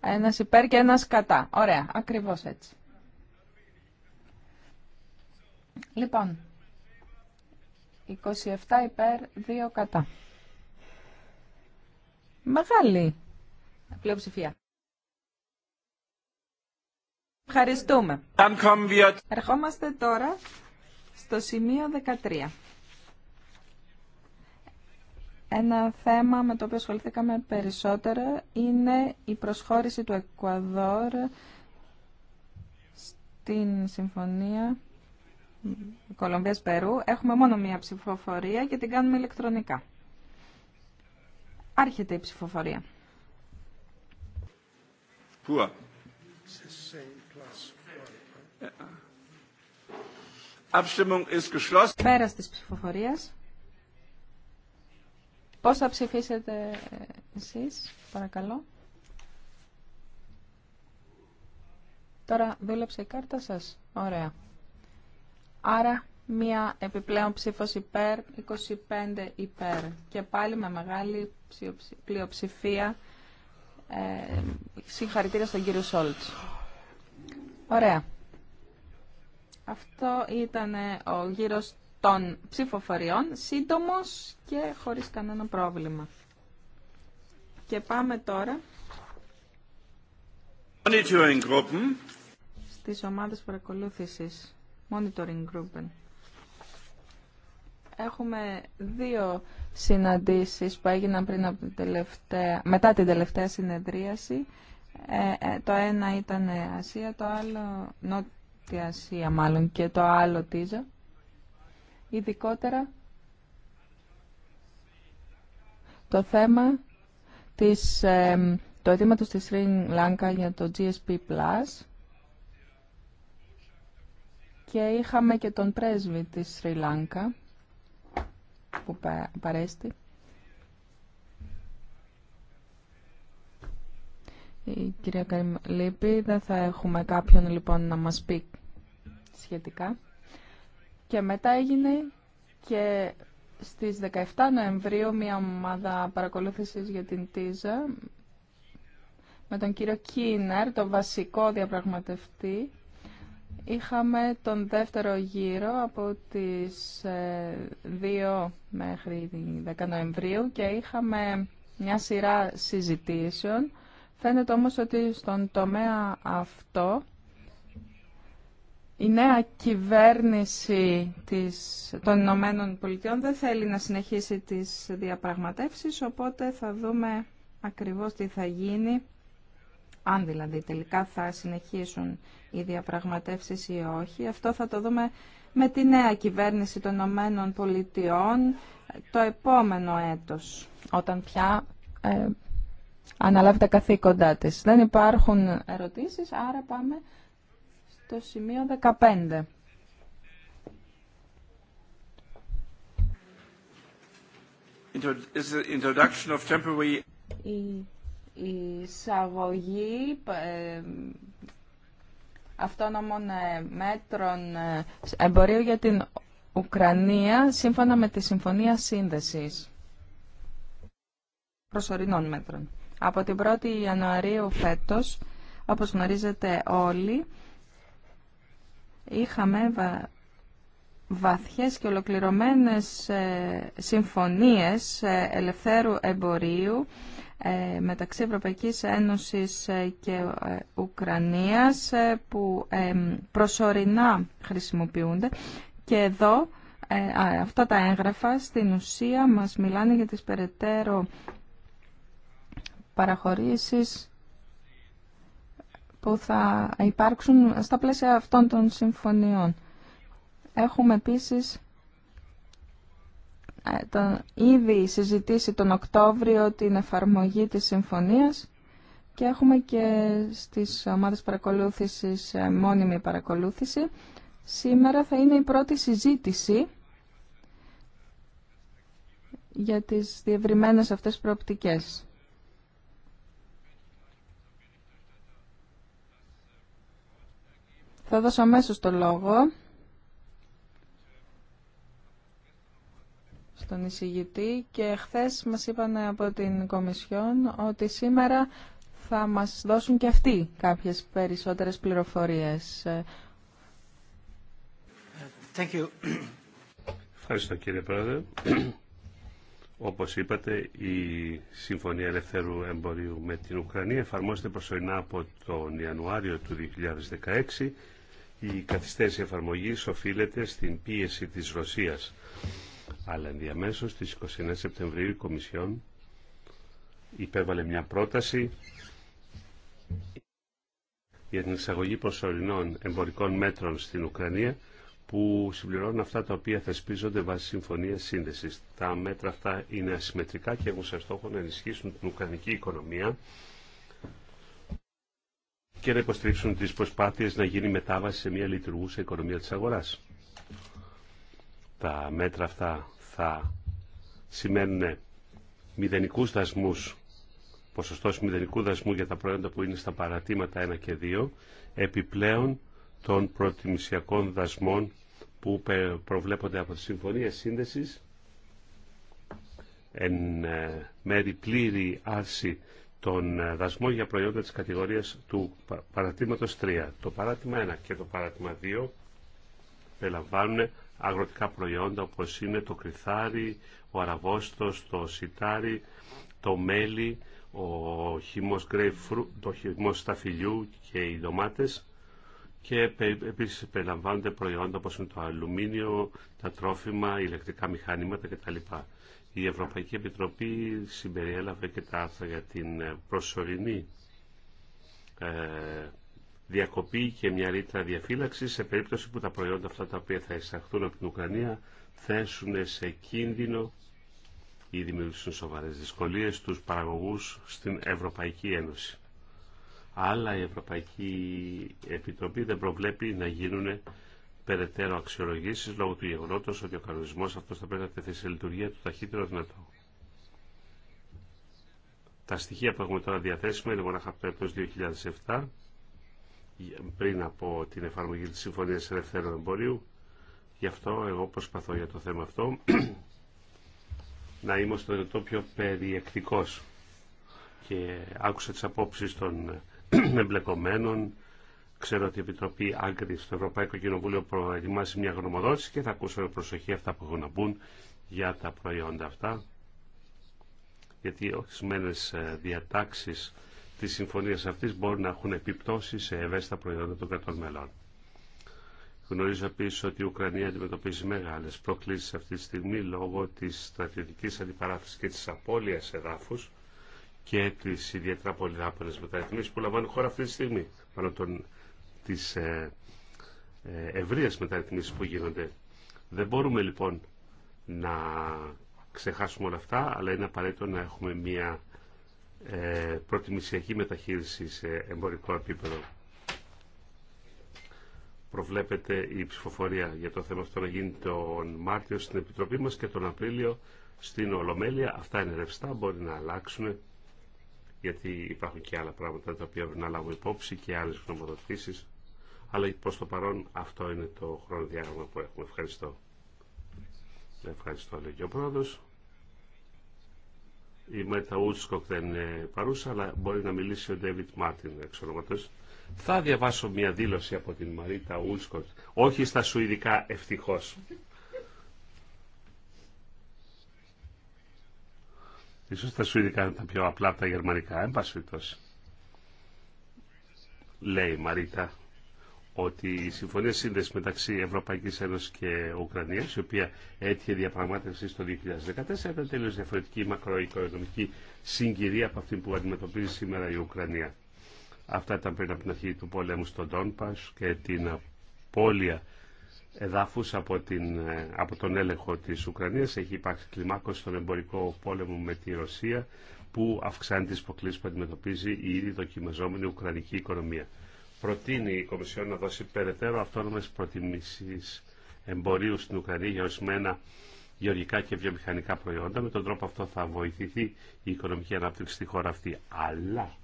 Ένας υπέρ και ένας κατά. Ωραία, ακριβώς έτσι. Λοιπόν, 27 υπέρ, 2 κατά. Μεγάλη πλειοψηφία. Ευχαριστούμε. Ερχόμαστε τώρα στο σημείο 13. Ένα θέμα με το οποίο ασχοληθήκαμε περισσότερο είναι η προσχώρηση του Εκουαδόρ στην Συμφωνία Κολομβίας-Περού. Έχουμε μόνο μία ψηφοφορία και την κάνουμε ηλεκτρονικά. Άρχεται η ψηφοφορία. Πού? Abstimmung ist geschlossen. Πέρας της ψηφοφορίας. Πώς θα ψηφίσετε ε, εσείς, παρακαλώ. Τώρα δούλεψε η κάρτα σας. Ωραία. Άρα μία επιπλέον ψήφος υπέρ, 25 υπέρ. Και πάλι με μεγάλη πλειοψηφία. Ε, συγχαρητήρια στον κύριο Σόλτς. Ωραία. Αυτό ήταν ο γύρος των ψηφοφοριών, σύντομος και χωρίς κανένα πρόβλημα. Και πάμε τώρα Monitoring Gruppen. στις ομάδες παρακολούθησης. Monitoring Έχουμε δύο συναντήσεις που έγιναν πριν από την τελευταία, μετά την τελευταία συνεδρίαση. Ε, ε, το ένα ήταν Ασία, το άλλο τη Ασία μάλλον και το άλλο τίζα. Ειδικότερα το θέμα της, ε, το αιτήματος της Sri Lanka για το GSP Plus και είχαμε και τον πρέσβη της Sri Lanka που παρέστη. Η κυρία Καρυμλίπη, Δεν θα έχουμε κάποιον λοιπόν να μας πει σχετικά και μετά έγινε και στις 17 Νοεμβρίου μια ομάδα παρακολούθησης για την ΤΙΖΑ με τον κύριο Κίνερ, τον βασικό διαπραγματευτή. Είχαμε τον δεύτερο γύρο από τις 2 ε, μέχρι 10 Νοεμβρίου και είχαμε μια σειρά συζητήσεων. Φαίνεται όμως ότι στον τομέα αυτό η νέα κυβέρνηση των Ηνωμένων Πολιτειών δεν θέλει να συνεχίσει τις διαπραγματεύσεις, οπότε θα δούμε ακριβώς τι θα γίνει, αν δηλαδή τελικά θα συνεχίσουν οι διαπραγματεύσεις ή όχι. Αυτό θα το δούμε με τη νέα κυβέρνηση των Ηνωμένων Πολιτειών το επόμενο έτος, όταν πια ε, αναλάβει καθήκοντά της. Δεν υπάρχουν ερωτήσεις, άρα πάμε στο σημείο 15. Η εισαγωγή ε, αυτόνομων μέτρων ε, εμπορίου για την Ουκρανία σύμφωνα με τη Συμφωνία Σύνδεσης προσωρινών μέτρων. Από την 1η Ιανουαρίου φέτος, όπως γνωρίζετε όλοι, είχαμε βαθιές και ολοκληρωμένες ε, συμφωνίες ε, ελευθέρου εμπορίου ε, μεταξύ Ευρωπαϊκής Ένωσης και Ουκρανίας που προσωρινά χρησιμοποιούνται και εδώ αυτά τα έγγραφα στην ουσία μας μιλάνε για τις περαιτέρω παραχωρήσεις που θα υπάρξουν στα πλαίσια αυτών των συμφωνιών. Έχουμε επίσης ε, τον, ήδη συζητήσει τον Οκτώβριο την εφαρμογή της συμφωνίας και έχουμε και στις ομάδες παρακολούθησης ε, μόνιμη παρακολούθηση. Σήμερα θα είναι η πρώτη συζήτηση για τις διευρυμένες αυτές προοπτικές. Θα δώσω αμέσω το λόγο στον εισηγητή και χθε μας είπαν από την Κομισιόν ότι σήμερα θα μας δώσουν και αυτοί κάποιες περισσότερες πληροφορίες. Thank you. Ευχαριστώ κύριε Πρόεδρε. Όπως είπατε, η Συμφωνία Ελευθερού Εμπορίου με την Ουκρανία εφαρμόζεται προσωρινά από τον Ιανουάριο του 2016 η καθυστέρηση εφαρμογής οφείλεται στην πίεση της Ρωσίας. Αλλά ενδιαμέσως στις 29 Σεπτεμβρίου η Κομισιόν υπέβαλε μια πρόταση για την εξαγωγή προσωρινών εμπορικών μέτρων στην Ουκρανία που συμπληρώνουν αυτά τα οποία θεσπίζονται βάσει συμφωνία σύνδεση. Τα μέτρα αυτά είναι ασυμμετρικά και έχουν σε στόχο να ενισχύσουν την Ουκρανική οικονομία και να υποστηρίξουν τις προσπάθειες να γίνει μετάβαση σε μια λειτουργούσα οικονομία της αγοράς. Τα μέτρα αυτά θα σημαίνουν μηδενικούς δασμούς, ποσοστός μηδενικού δασμού για τα προϊόντα που είναι στα παρατήματα 1 και 2, επιπλέον των προτιμησιακών δασμών που προβλέπονται από τη Συμφωνία Σύνδεσης, εν ε, μέρη πλήρη άρση τον ε, δασμό για προϊόντα της κατηγορίας του παρατήματος 3. Το παράτημα 1 και το παράτημα 2 περιλαμβάνουν αγροτικά προϊόντα όπως είναι το κρυθάρι, ο αραβόστος, το σιτάρι, το μέλι, ο χυμός, το χυμός σταφυλιού και οι ντομάτες και επίσης περιλαμβάνονται προϊόντα όπως είναι το αλουμίνιο, τα τρόφιμα, ηλεκτρικά μηχανήματα κτλ. Η Ευρωπαϊκή Επιτροπή συμπεριέλαβε και τα άρθρα για την ε, προσωρινή ε, διακοπή και μια ρήτρα διαφύλαξη σε περίπτωση που τα προϊόντα αυτά τα οποία θα εισαχθούν από την Ουκρανία θέσουν σε κίνδυνο ή δημιουργήσουν σοβαρέ δυσκολίε στου παραγωγού στην Ευρωπαϊκή Ένωση. Αλλά η Ευρωπαϊκή Επιτροπή δεν προβλέπει να γίνουν περαιτέρω αξιολογήσει λόγω του γεγονότο ότι ο κανονισμό αυτό θα πρέπει να τεθεί σε λειτουργία του ταχύτερο δυνατό. Τα στοιχεία που έχουμε τώρα διαθέσιμα είναι μόνο από το 2007 πριν από την εφαρμογή τη συμφωνία ελευθέρων Εμπορίου. Γι' αυτό εγώ προσπαθώ για το θέμα αυτό να είμαι στο δυνατό πιο περιεκτικό. και άκουσα τι απόψει των εμπλεκομένων Ξέρω ότι η Επιτροπή Άγκρη στο Ευρωπαϊκό Κοινοβούλιο προετοιμάζει μια γνωμοδότηση και θα ακούσω με προσοχή αυτά που έχουν να μπουν για τα προϊόντα αυτά. Γιατί ορισμένε διατάξει τη συμφωνία αυτή μπορούν να έχουν επιπτώσει σε ευαίσθητα προϊόντα των κρατών μελών. Γνωρίζω επίση ότι η Ουκρανία αντιμετωπίζει μεγάλε προκλήσει αυτή τη στιγμή λόγω τη στρατιωτική αντιπαράθεση και τη απώλεια εδάφου και τι ιδιαίτερα πολυδάπανε μεταρρυθμίσει που λαμβάνουν χώρα αυτή τη στιγμή. Πάνω τις ε, ε, ευρείες μεταρρυθμίσεις που γίνονται. Δεν μπορούμε λοιπόν να ξεχάσουμε όλα αυτά, αλλά είναι απαραίτητο να έχουμε μια ε, προτιμησιακή μεταχείριση σε εμπορικό επίπεδο. Προβλέπεται η ψηφοφορία για το θέμα αυτό να γίνει τον Μάρτιο στην Επιτροπή μας και τον Απρίλιο στην Ολομέλεια. Αυτά είναι ρευστά, μπορεί να αλλάξουν γιατί υπάρχουν και άλλα πράγματα τα οποία πρέπει να λάβουμε υπόψη και άλλες γνωμοδοτήσεις αλλά προς το παρόν αυτό είναι το χρονοδιάγραμμα που έχουμε. Ευχαριστώ. Ευχαριστώ, λέει και ο πρόεδρος. Η Μέτα Ούτσκοκ δεν είναι παρούσα, αλλά μπορεί να μιλήσει ο Ντέβιτ Μάρτιν, εξ ονόματος. Θα διαβάσω μια δήλωση από την Μαρίτα Ούτσκοκ, όχι στα σουηδικά ευτυχώς. Ίσως τα σουηδικά είναι τα πιο απλά από τα γερμανικά, εν Λέει η Μαρίτα ότι η Συμφωνία Σύνδεση μεταξύ Ευρωπαϊκή Ένωση και Ουκρανία, η οποία έτυχε διαπραγμάτευση το 2014, ήταν τελείω διαφορετική μακροοικονομική συγκυρία από αυτή που αντιμετωπίζει σήμερα η Ουκρανία. Αυτά ήταν πριν από την αρχή του πολέμου στον Τόνπα και την απώλεια εδάφους από, από τον έλεγχο της Ουκρανίας. Έχει υπάρξει κλιμάκωση στον εμπορικό πόλεμο με τη Ρωσία που αυξάνει τις υποκλήσεις που αντιμετωπίζει η ήδη δοκιμαζόμενη Ουκρανική οικονομία προτείνει η Κομισιόν να δώσει περαιτέρω αυτόνομες προτιμήσεις εμπορίου στην Ουκρανία για ορισμένα γεωργικά και βιομηχανικά προϊόντα. Με τον τρόπο αυτό θα βοηθηθεί η οικονομική ανάπτυξη στη χώρα αυτή. Αλλά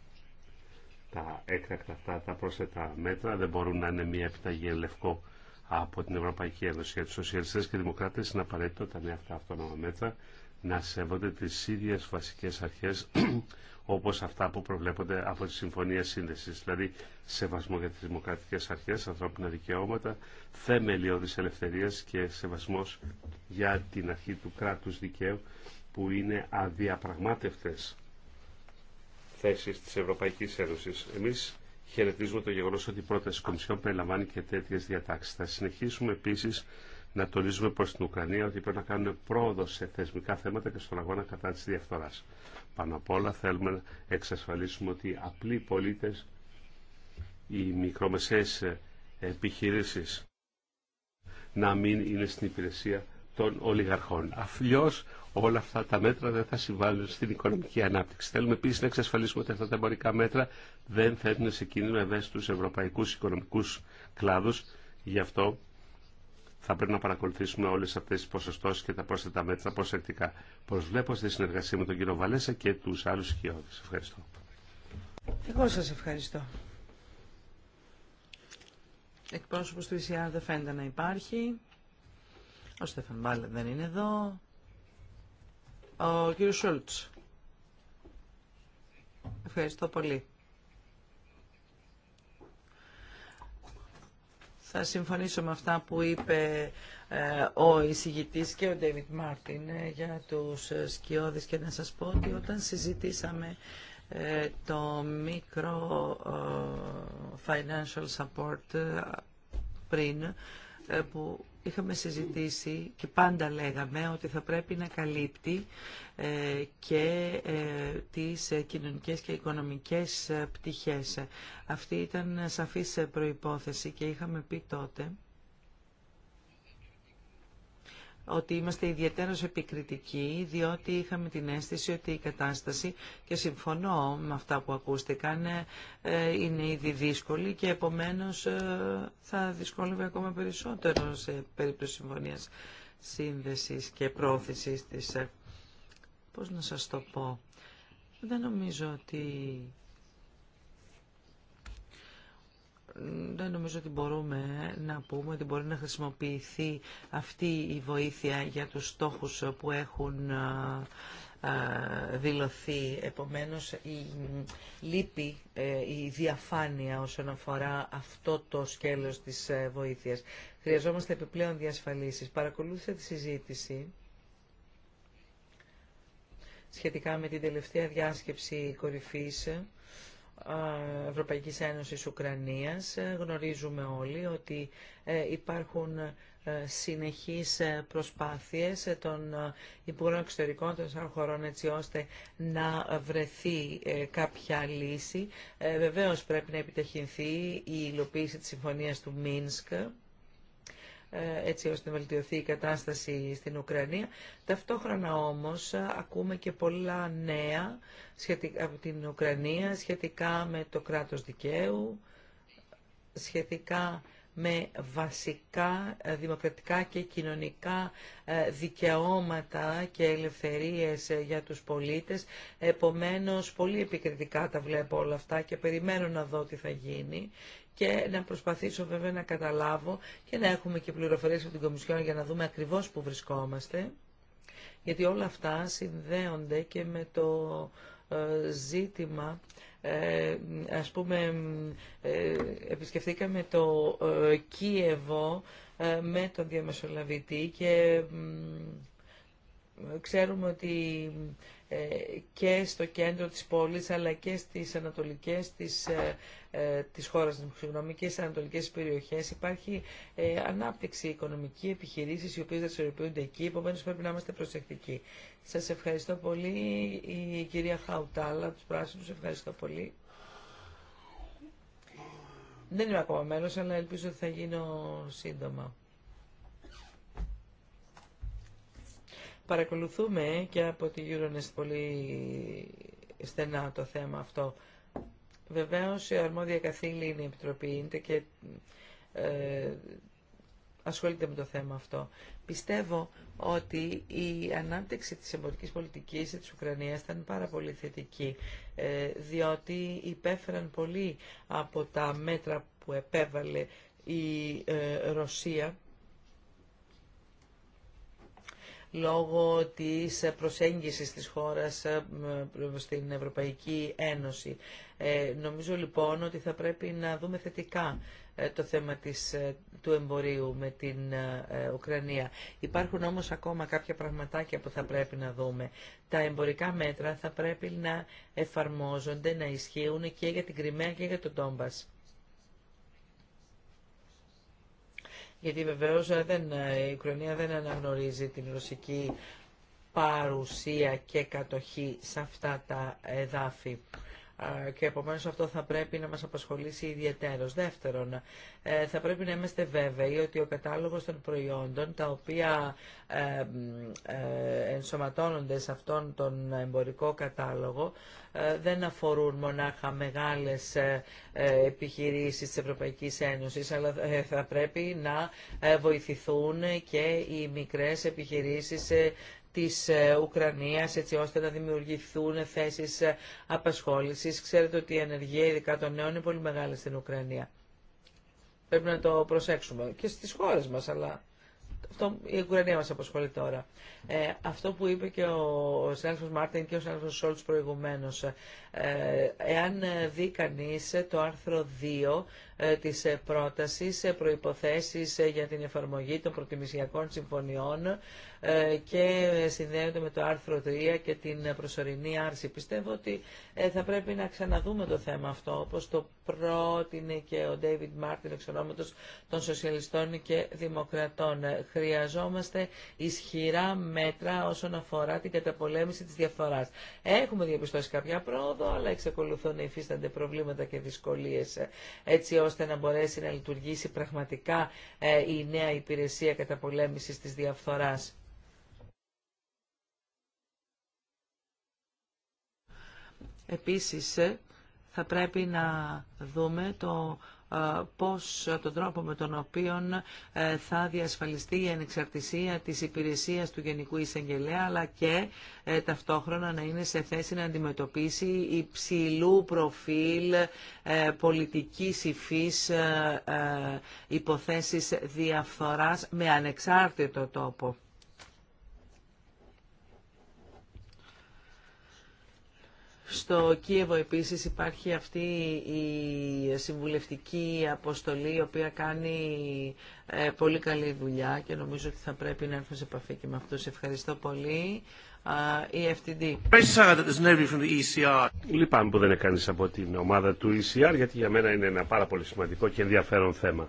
τα έκτακτα αυτά, τα πρόσθετα μέτρα δεν μπορούν να είναι μια επιταγή λευκό από την Ευρωπαϊκή Ένωση. Για του σοσιαλιστέ και δημοκράτε είναι απαραίτητο τα νέα αυτά αυτόνομα μέτρα να σέβονται τις ίδιες βασικές αρχές όπως αυτά που προβλέπονται από τη Συμφωνία Σύνδεσης, δηλαδή σεβασμό για τις δημοκρατικές αρχές, ανθρώπινα δικαιώματα, θεμελιώδης ελευθερίας και σεβασμός για την αρχή του κράτους δικαίου που είναι αδιαπραγμάτευτες θέσεις της Ευρωπαϊκής Ένωσης. Εμείς χαιρετίζουμε το γεγονός ότι η πρόταση Κομισιόν περιλαμβάνει και τέτοιες διατάξεις. Θα συνεχίσουμε επίση να τονίζουμε προ την Ουκρανία ότι πρέπει να κάνουμε πρόοδο σε θεσμικά θέματα και στον αγώνα κατά τη διαφθοράς. Πάνω απ' όλα θέλουμε να εξασφαλίσουμε ότι οι απλοί πολίτες, οι μικρομεσαίε ε, επιχείρησει να μην είναι στην υπηρεσία των ολιγαρχών. Αφλιώ όλα αυτά τα μέτρα δεν θα συμβάλλουν στην οικονομική ανάπτυξη. Θέλουμε επίση να εξασφαλίσουμε ότι αυτά τα εμπορικά μέτρα δεν θέτουν σε κίνδυνο ευαίσθητου ευρωπαϊκού οικονομικού κλάδου. Γι' αυτό θα πρέπει να παρακολουθήσουμε όλε αυτέ τι ποσοστώσει και τα πρόσθετα μέτρα προσεκτικά. Προσβλέπω στη συνεργασία με τον κύριο Βαλέσα και του άλλου οικειώδει. Ευχαριστώ. Εγώ σα ευχαριστώ. Εκπρόσωπος του ΙΣΙΑΡ δεν φαίνεται να υπάρχει. Ο Στέφαν Μπάλε δεν είναι εδώ. Ο κύριο Σούλτ. Ευχαριστώ πολύ. Θα συμφωνήσω με αυτά που είπε ε, ο εισηγητής και ο Ντέιβιτ Μάρτιν ε, για τους ε, σκιώδεις και να σας πω ότι όταν συζητήσαμε το μικρό financial support πριν που είχαμε συζητήσει και πάντα λέγαμε ότι θα πρέπει να καλύπτει ε, και ε, τις κοινωνικές και οικονομικές ε, πτυχές. Αυτή ήταν σαφής προϋπόθεση και είχαμε πει τότε ότι είμαστε ιδιαίτερα επικριτικοί, διότι είχαμε την αίσθηση ότι η κατάσταση, και συμφωνώ με αυτά που ακούστηκαν, ε, είναι ήδη δύσκολη και επομένως ε, θα δυσκόλευε ακόμα περισσότερο σε περίπτωση συμφωνίας σύνδεσης και πρόθεσης της. Ε, πώς να σας το πω. Δεν νομίζω ότι δεν νομίζω ότι μπορούμε να πούμε ότι μπορεί να χρησιμοποιηθεί αυτή η βοήθεια για τους στόχους που έχουν ε, δηλωθεί. Επομένως, η, λύπη ε, η διαφάνεια όσον αφορά αυτό το σκέλος της ε, βοήθειας. Χρειαζόμαστε επιπλέον διασφαλίσεις. Παρακολούθησα τη συζήτηση σχετικά με την τελευταία διάσκεψη κορυφής ε, Ευρωπαϊκής Ένωσης Ουκρανίας. Ε, γνωρίζουμε όλοι ότι ε, υπάρχουν συνεχείς προσπάθειες των Υπουργών Εξωτερικών των σαν χωρών έτσι ώστε να βρεθεί κάποια λύση. Βεβαίως πρέπει να επιταχυνθεί η υλοποίηση της Συμφωνίας του Μίνσκ ε, έτσι ώστε να βελτιωθεί η κατάσταση στην Ουκρανία. Ταυτόχρονα όμως ε, ακούμε και πολλά νέα σχετικά, από την Ουκρανία σχετικά με το κράτος δικαίου, σχετικά με βασικά ε, δημοκρατικά και κοινωνικά δικαιώματα και ελευθερίες για τους πολίτες. Επομένως, πολύ επικριτικά τα βλέπω όλα αυτά και περιμένω να δω τι θα γίνει και να προσπαθήσω βέβαια να καταλάβω και να έχουμε και πληροφορίες από την Κομισιόν για να δούμε ακριβώς που βρισκόμαστε, γιατί όλα αυτά συνδέονται και με το ε, ζήτημα ε, ας πούμε επισκεφτήκαμε επισκεφθήκαμε το ε, Κίεβο με τον διαμεσολαβητή και ξέρουμε ότι ε, και στο κέντρο της πόλης αλλά και στις ανατολικές της, ε, ε, της χώρας, συγγνώμη, και στις ανατολικές περιοχές υπάρχει ανάπτυξη οικονομική, επιχειρήσεις οι οποίες δραστηριοποιούνται εκεί, επομένω πρέπει να είμαστε προσεκτικοί. Σας ευχαριστώ πολύ η κυρία Χαουτάλα, τους πράσινους, ευχαριστώ πολύ. Δεν είμαι ακόμα μέλος, αλλά ελπίζω ότι θα γίνω σύντομα. Παρακολουθούμε και από τη Euronest πολύ στενά το θέμα αυτό. Βεβαίως η αρμόδια καθήλη είναι η Επιτροπή είναι και ε, ασχολείται με το θέμα αυτό. Πιστεύω ότι η ανάπτυξη της εμπορικής πολιτικής της Ουκρανίας ήταν πάρα πολύ θετική, ε, διότι υπέφεραν πολύ από τα μέτρα που επέβαλε η ε, Ρωσία λόγω της προσέγγισης της χώρας ε, στην Ευρωπαϊκή Ένωση. Ε, νομίζω λοιπόν ότι θα πρέπει να δούμε θετικά ε, το θέμα της, του εμπορίου με την Ουκρανία. Υπάρχουν όμως ακόμα κάποια πραγματάκια που θα πρέπει να δούμε. Τα εμπορικά μέτρα θα πρέπει να εφαρμόζονται, να ισχύουν και για την Κρυμαία και για τον Τόμπας. γιατί βεβαίως ε, ε, η Ουκρανία δεν αναγνωρίζει την ρωσική παρουσία και κατοχή σε αυτά τα εδάφη και επομένως αυτό θα πρέπει να μας απασχολήσει ιδιαίτερος. Δεύτερον, ε, θα πρέπει να είμαστε βέβαιοι ότι ο κατάλογος των προϊόντων τα οποία ε, ε, ενσωματώνονται σε αυτόν τον εμπορικό κατάλογο δεν αφορούν μονάχα μεγάλες επιχειρήσεις της Ευρωπαϊκής Ένωσης, αλλά θα πρέπει να βοηθηθούν και οι μικρές επιχειρήσεις της ε, Ουκρανίας έτσι ώστε να δημιουργηθούν θέσεις ε, απασχόλησης. Ξέρετε ότι η ανεργία ειδικά των νέων είναι πολύ μεγάλη στην Ουκρανία. Πρέπει να το προσέξουμε και στις χώρες μας, αλλά αυτό η Ουκρανία μας απασχολεί τώρα. Ε, αυτό που είπε και ο συνάδελφος Μάρτιν και ο συνάδελφος Σόλτς προηγουμένως. Ε, ε, εάν δει κανείς το άρθρο 2 ε, της ε, πρότασης, προϋποθέσεις για την εφαρμογή των προτιμησιακών συμφωνιών και συνδέονται με το άρθρο 3 και την προσωρινή άρση. Πιστεύω ότι θα πρέπει να ξαναδούμε το θέμα αυτό, όπως το πρότεινε και ο Ντέιβιντ Μάρτιν, εξ των Σοσιαλιστών και Δημοκρατών. Χρειαζόμαστε ισχυρά μέτρα όσον αφορά την καταπολέμηση της διαφθοράς. Έχουμε διαπιστώσει κάποια πρόοδο, αλλά εξακολουθούν να υφίστανται προβλήματα και δυσκολίες, ε, έτσι ώστε να μπορέσει να λειτουργήσει πραγματικά ε, η νέα υπηρεσία καταπολέμησης της διαφθοράς. Επίσης, ε, θα πρέπει να δούμε το πώς, τον τρόπο με τον οποίο ε, θα διασφαλιστεί η ανεξαρτησία της υπηρεσίας του Γενικού Εισαγγελέα αλλά και ε, ταυτόχρονα να είναι σε θέση να αντιμετωπίσει υψηλού προφίλ ε, πολιτικής υφής υποθέσεις διαφθοράς με ανεξάρτητο τόπο. Στο Κίεβο επίσης υπάρχει αυτή η συμβουλευτική αποστολή η οποία κάνει ε, πολύ καλή δουλειά και νομίζω ότι θα πρέπει να έρθω σε επαφή και με αυτού. Ευχαριστώ πολύ. Η FTD. E Λυπάμαι που δεν είναι κανείς από την ομάδα του ECR γιατί για μένα είναι ένα πάρα πολύ σημαντικό και ενδιαφέρον θέμα.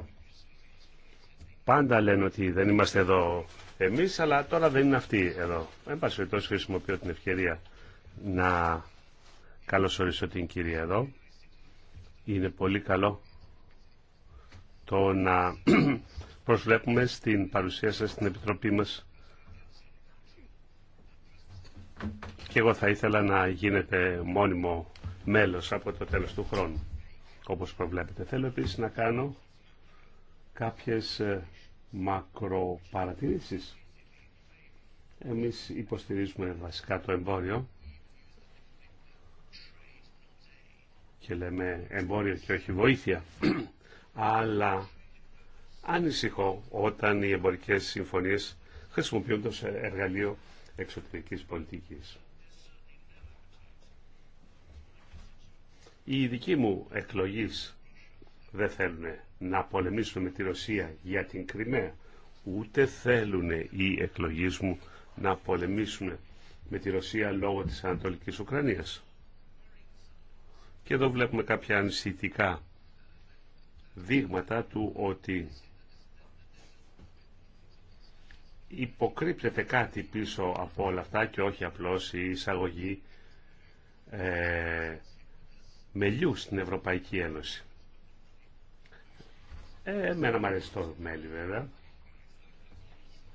Πάντα λένε ότι δεν είμαστε εδώ εμείς αλλά τώρα δεν είναι αυτοί εδώ. Εν πάση χρησιμοποιώ την ευκαιρία να Καλώς ορίσω την κυρία εδώ. Είναι πολύ καλό το να προσβλέπουμε στην παρουσία σας στην Επιτροπή μας και εγώ θα ήθελα να γίνετε μόνιμο μέλος από το τέλος του χρόνου όπως προβλέπετε. Θέλω επίσης να κάνω κάποιες ε, μακροπαρατηρήσεις. Εμείς υποστηρίζουμε βασικά το εμπόριο και λέμε εμπόριο και όχι βοήθεια. Αλλά ανησυχώ όταν οι εμπορικές συμφωνίες χρησιμοποιούνται ως εργαλείο εξωτερικής πολιτικής. Οι δικοί μου εκλογείς δεν θέλουν να πολεμήσουν με τη Ρωσία για την Κρυμαία, ούτε θέλουν οι εκλογείς μου να πολεμήσουν με τη Ρωσία λόγω της Ανατολικής Ουκρανίας. Και εδώ βλέπουμε κάποια ανησυχητικά δείγματα του ότι υποκρύπτεται κάτι πίσω από όλα αυτά και όχι απλώς η εισαγωγή ε, μελιού στην Ευρωπαϊκή Ένωση. Ε, εμένα μου αρέσει το μέλι βέβαια.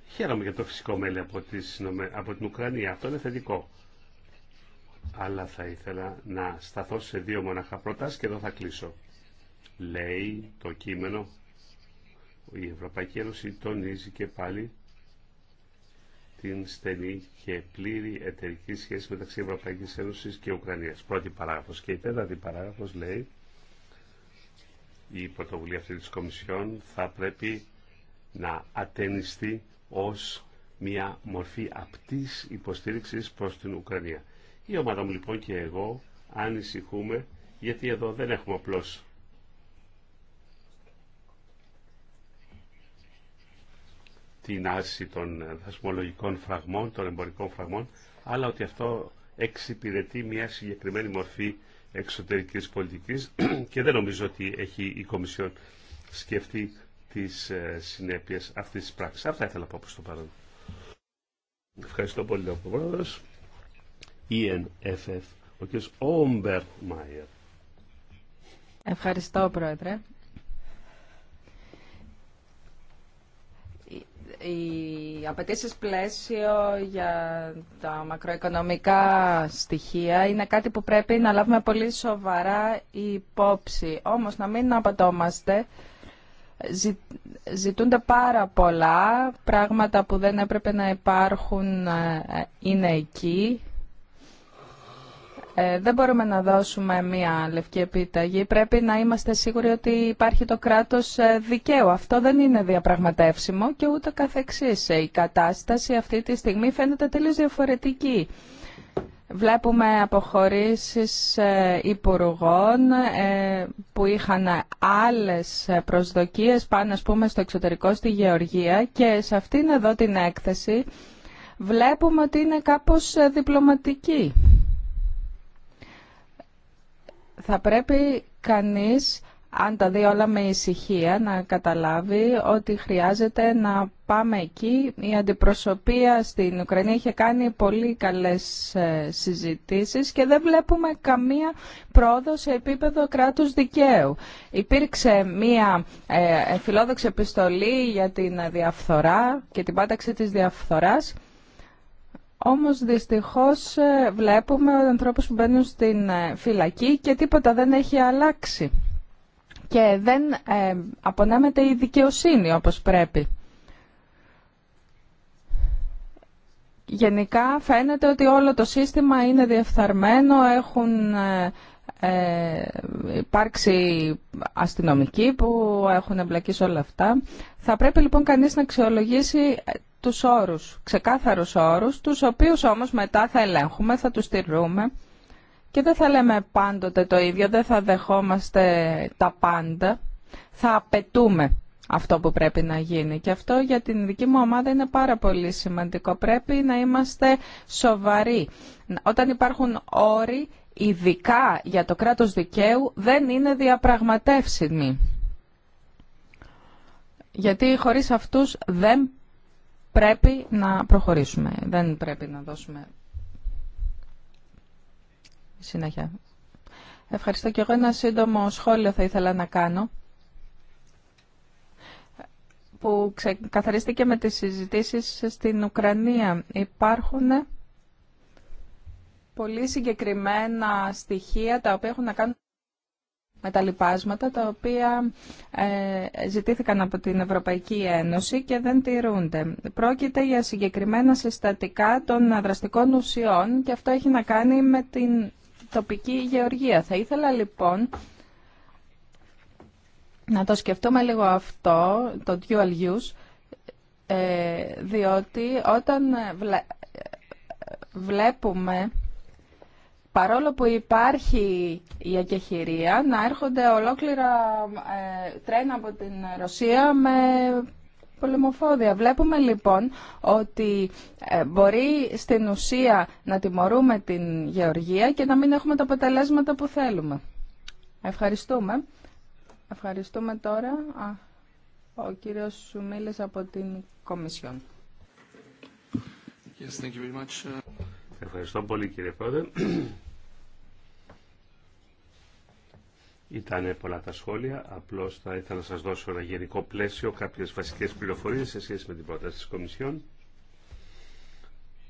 Χαίρομαι για το φυσικό μέλι από, τις, από την Ουκρανία. Αυτό είναι θετικό αλλά θα ήθελα να σταθώ σε δύο μοναχα πρώτας και εδώ θα κλείσω. Λέει το κείμενο, η Ευρωπαϊκή Ένωση τονίζει και πάλι την στενή και πλήρη εταιρική σχέση μεταξύ Ευρωπαϊκής Ένωσης και Ουκρανίας. Πρώτη παράγραφος και η τέταρτη παράγραφος λέει η πρωτοβουλία αυτή της Κομισιόν θα πρέπει να ατενιστεί ως μια μορφή απτής υποστήριξης προς την Ουκρανία. Η ομάδα μου λοιπόν και εγώ ανησυχούμε γιατί εδώ δεν έχουμε απλώς την άρση των δασμολογικών φραγμών, των εμπορικών φραγμών, αλλά ότι αυτό εξυπηρετεί μια συγκεκριμένη μορφή εξωτερικής πολιτικής και δεν νομίζω ότι έχει η Κομισιόν σκεφτεί τις ε, συνέπειες αυτής της πράξης. Αυτά ήθελα να πω προς το παρόν. Ευχαριστώ πολύ, ο Πρόεδρος. ENFF, ο κ. Όμπερ Μάιερ. Ευχαριστώ, Πρόεδρε. οι απαιτήσει πλαίσιο για τα μακροοικονομικά στοιχεία είναι κάτι που πρέπει να λάβουμε πολύ σοβαρά υπόψη. Όμως να μην απατώμαστε, ζητούνται πάρα πολλά, πράγματα που δεν έπρεπε να υπάρχουν ε, ε, είναι εκεί ε, δεν μπορούμε να δώσουμε μία λευκή επίταγη. Πρέπει να είμαστε σίγουροι ότι υπάρχει το κράτος ε, δικαίου. Αυτό δεν είναι διαπραγματεύσιμο και ούτε καθεξής. Ε, η κατάσταση αυτή τη στιγμή φαίνεται τελείως διαφορετική. Βλέπουμε αποχωρήσεις υπουργών που είχαν άλλες προσδοκίες πάνω ας πούμε στο εξωτερικό στη Γεωργία και σε αυτήν εδώ την έκθεση βλέπουμε ότι είναι κάπως διπλωματική θα πρέπει κανείς, αν τα δει όλα με ησυχία, να καταλάβει ότι χρειάζεται να πάμε εκεί. Η αντιπροσωπεία στην Ουκρανία είχε κάνει πολύ καλές ε, συζητήσεις και δεν βλέπουμε καμία πρόοδο σε επίπεδο κράτους δικαίου. Υπήρξε μία ε, ε, φιλόδοξη επιστολή για την διαφθορά και την πάταξη της διαφθοράς όμως δυστυχώς ε, βλέπουμε ανθρώπους που μπαίνουν στην ε, φυλακή και τίποτα δεν έχει αλλάξει. Και δεν ε, απονέμεται η δικαιοσύνη όπως πρέπει. Γενικά φαίνεται ότι όλο το σύστημα είναι διεφθαρμένο, έχουν ε, υπάρξει αστυνομικοί που έχουν εμπλακεί σε όλα αυτά. Θα πρέπει λοιπόν κανείς να αξιολογήσει τους όρους, ξεκάθαρους όρους, τους οποίους όμως μετά θα ελέγχουμε, θα τους τηρούμε και δεν θα λέμε πάντοτε το ίδιο, δεν θα δεχόμαστε τα πάντα, θα απαιτούμε αυτό που πρέπει να γίνει. Και αυτό για την δική μου ομάδα είναι πάρα πολύ σημαντικό. Πρέπει να είμαστε σοβαροί. Όταν υπάρχουν όροι, ειδικά για το κράτος δικαίου, δεν είναι διαπραγματεύσιμοι. Γιατί χωρίς αυτούς δεν πρέπει να προχωρήσουμε. Δεν πρέπει να δώσουμε συνέχεια. Ευχαριστώ και εγώ. Ένα σύντομο σχόλιο θα ήθελα να κάνω που καθαρίστηκε με τις συζητήσεις στην Ουκρανία. Υπάρχουν πολύ συγκεκριμένα στοιχεία τα οποία έχουν να κάνουν με τα λοιπάσματα τα οποία ε, ζητήθηκαν από την Ευρωπαϊκή Ένωση και δεν τηρούνται. Πρόκειται για συγκεκριμένα συστατικά των δραστικών ουσιών και αυτό έχει να κάνει με την τοπική γεωργία. Θα ήθελα λοιπόν να το σκεφτούμε λίγο αυτό, το dual use, ε, διότι όταν ε, βλέπουμε παρόλο που υπάρχει η ακεχηρία, να έρχονται ολόκληρα ε, τρένα από την Ρωσία με πολεμοφόδια. Βλέπουμε λοιπόν ότι ε, μπορεί στην ουσία να τιμωρούμε την γεωργία και να μην έχουμε τα αποτελέσματα που θέλουμε. Ευχαριστούμε. Ευχαριστούμε τώρα ο κύριος Σουμίλης από την Κομισιόν. Yes, thank you very much. Ευχαριστώ πολύ κύριε Πρόεδρε. Ήταν πολλά τα σχόλια, Απλώ θα ήθελα να σα δώσω ένα γενικό πλαίσιο, κάποιε βασικέ πληροφορίε σε σχέση με την πρόταση τη Κομισιόν.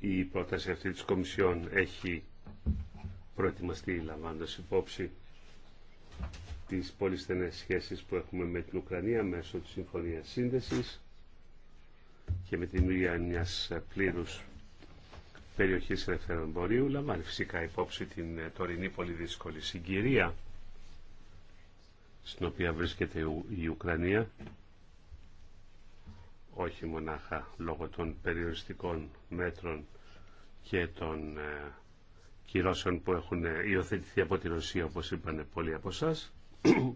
Η πρόταση αυτή τη Κομισιόν έχει προετοιμαστεί λαμβάνοντα υπόψη τι πολύ στενέ σχέσει που έχουμε με την Ουκρανία μέσω τη συμφωνία σύνδεση και με την δημιουργία μια πλήρου περιοχή ελευθερών εμπορίου. Λαμβάνει φυσικά υπόψη την τωρινή πολύ δύσκολη συγκυρία στην οποία βρίσκεται η Ουκρανία όχι μονάχα λόγω των περιοριστικών μέτρων και των ε, κυρώσεων που έχουν ε, υιοθετηθεί από τη Ρωσία όπως είπανε πολλοί από εσά.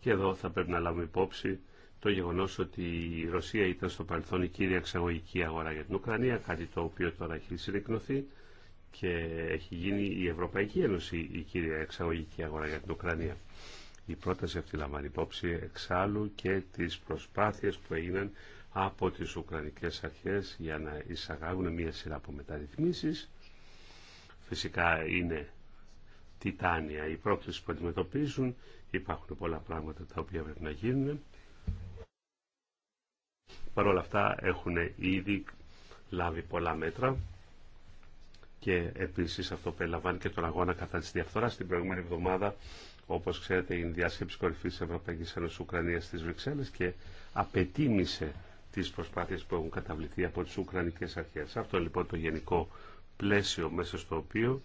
και εδώ θα πρέπει να λάβουμε υπόψη το γεγονός ότι η Ρωσία ήταν στο παρελθόν η κύρια εξαγωγική αγορά για την Ουκρανία, κάτι το οποίο τώρα έχει συρρυκνωθεί και έχει γίνει η Ευρωπαϊκή Ένωση η κύρια εξαγωγική αγορά για την Ουκρανία. Η πρόταση αυτή λαμβάνει υπόψη εξάλλου και τις προσπάθειες που έγιναν από τις Ουκρανικές αρχές για να εισαγάγουν μία σειρά από μεταρρυθμίσεις. Φυσικά είναι τιτάνια οι πρόκληση που αντιμετωπίζουν. Υπάρχουν πολλά πράγματα τα οποία πρέπει να γίνουν. Παρ' όλα αυτά έχουν ήδη λάβει πολλά μέτρα και επίσης αυτό περιλαμβάνει και τον αγώνα κατά της διαφθοράς. Την προηγούμενη εβδομάδα όπως ξέρετε, η διάσκεψη κορυφής της Ευρωπαϊκής Ένωσης Ουκρανίας στις Βρυξέλλες και απετίμησε τις προσπάθειες που έχουν καταβληθεί από τις Ουκρανικές αρχές. Αυτό λοιπόν το γενικό πλαίσιο μέσα στο οποίο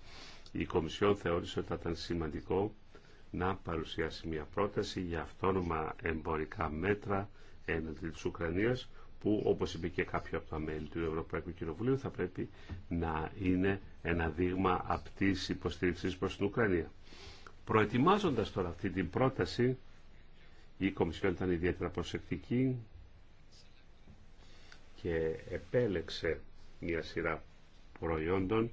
η Κομισιόν θεώρησε ότι ήταν σημαντικό να παρουσιάσει μια πρόταση για αυτόνομα εμπορικά μέτρα έναντι της Ουκρανίας που όπως είπε και κάποιο από τα μέλη του Ευρωπαϊκού Κοινοβουλίου θα πρέπει να είναι ένα δείγμα απτής υποστήριξης προς την Ουκρανία. Προετοιμάζοντας τώρα αυτή την πρόταση, η Κομισιόν ήταν ιδιαίτερα προσεκτική και επέλεξε μια σειρά προϊόντων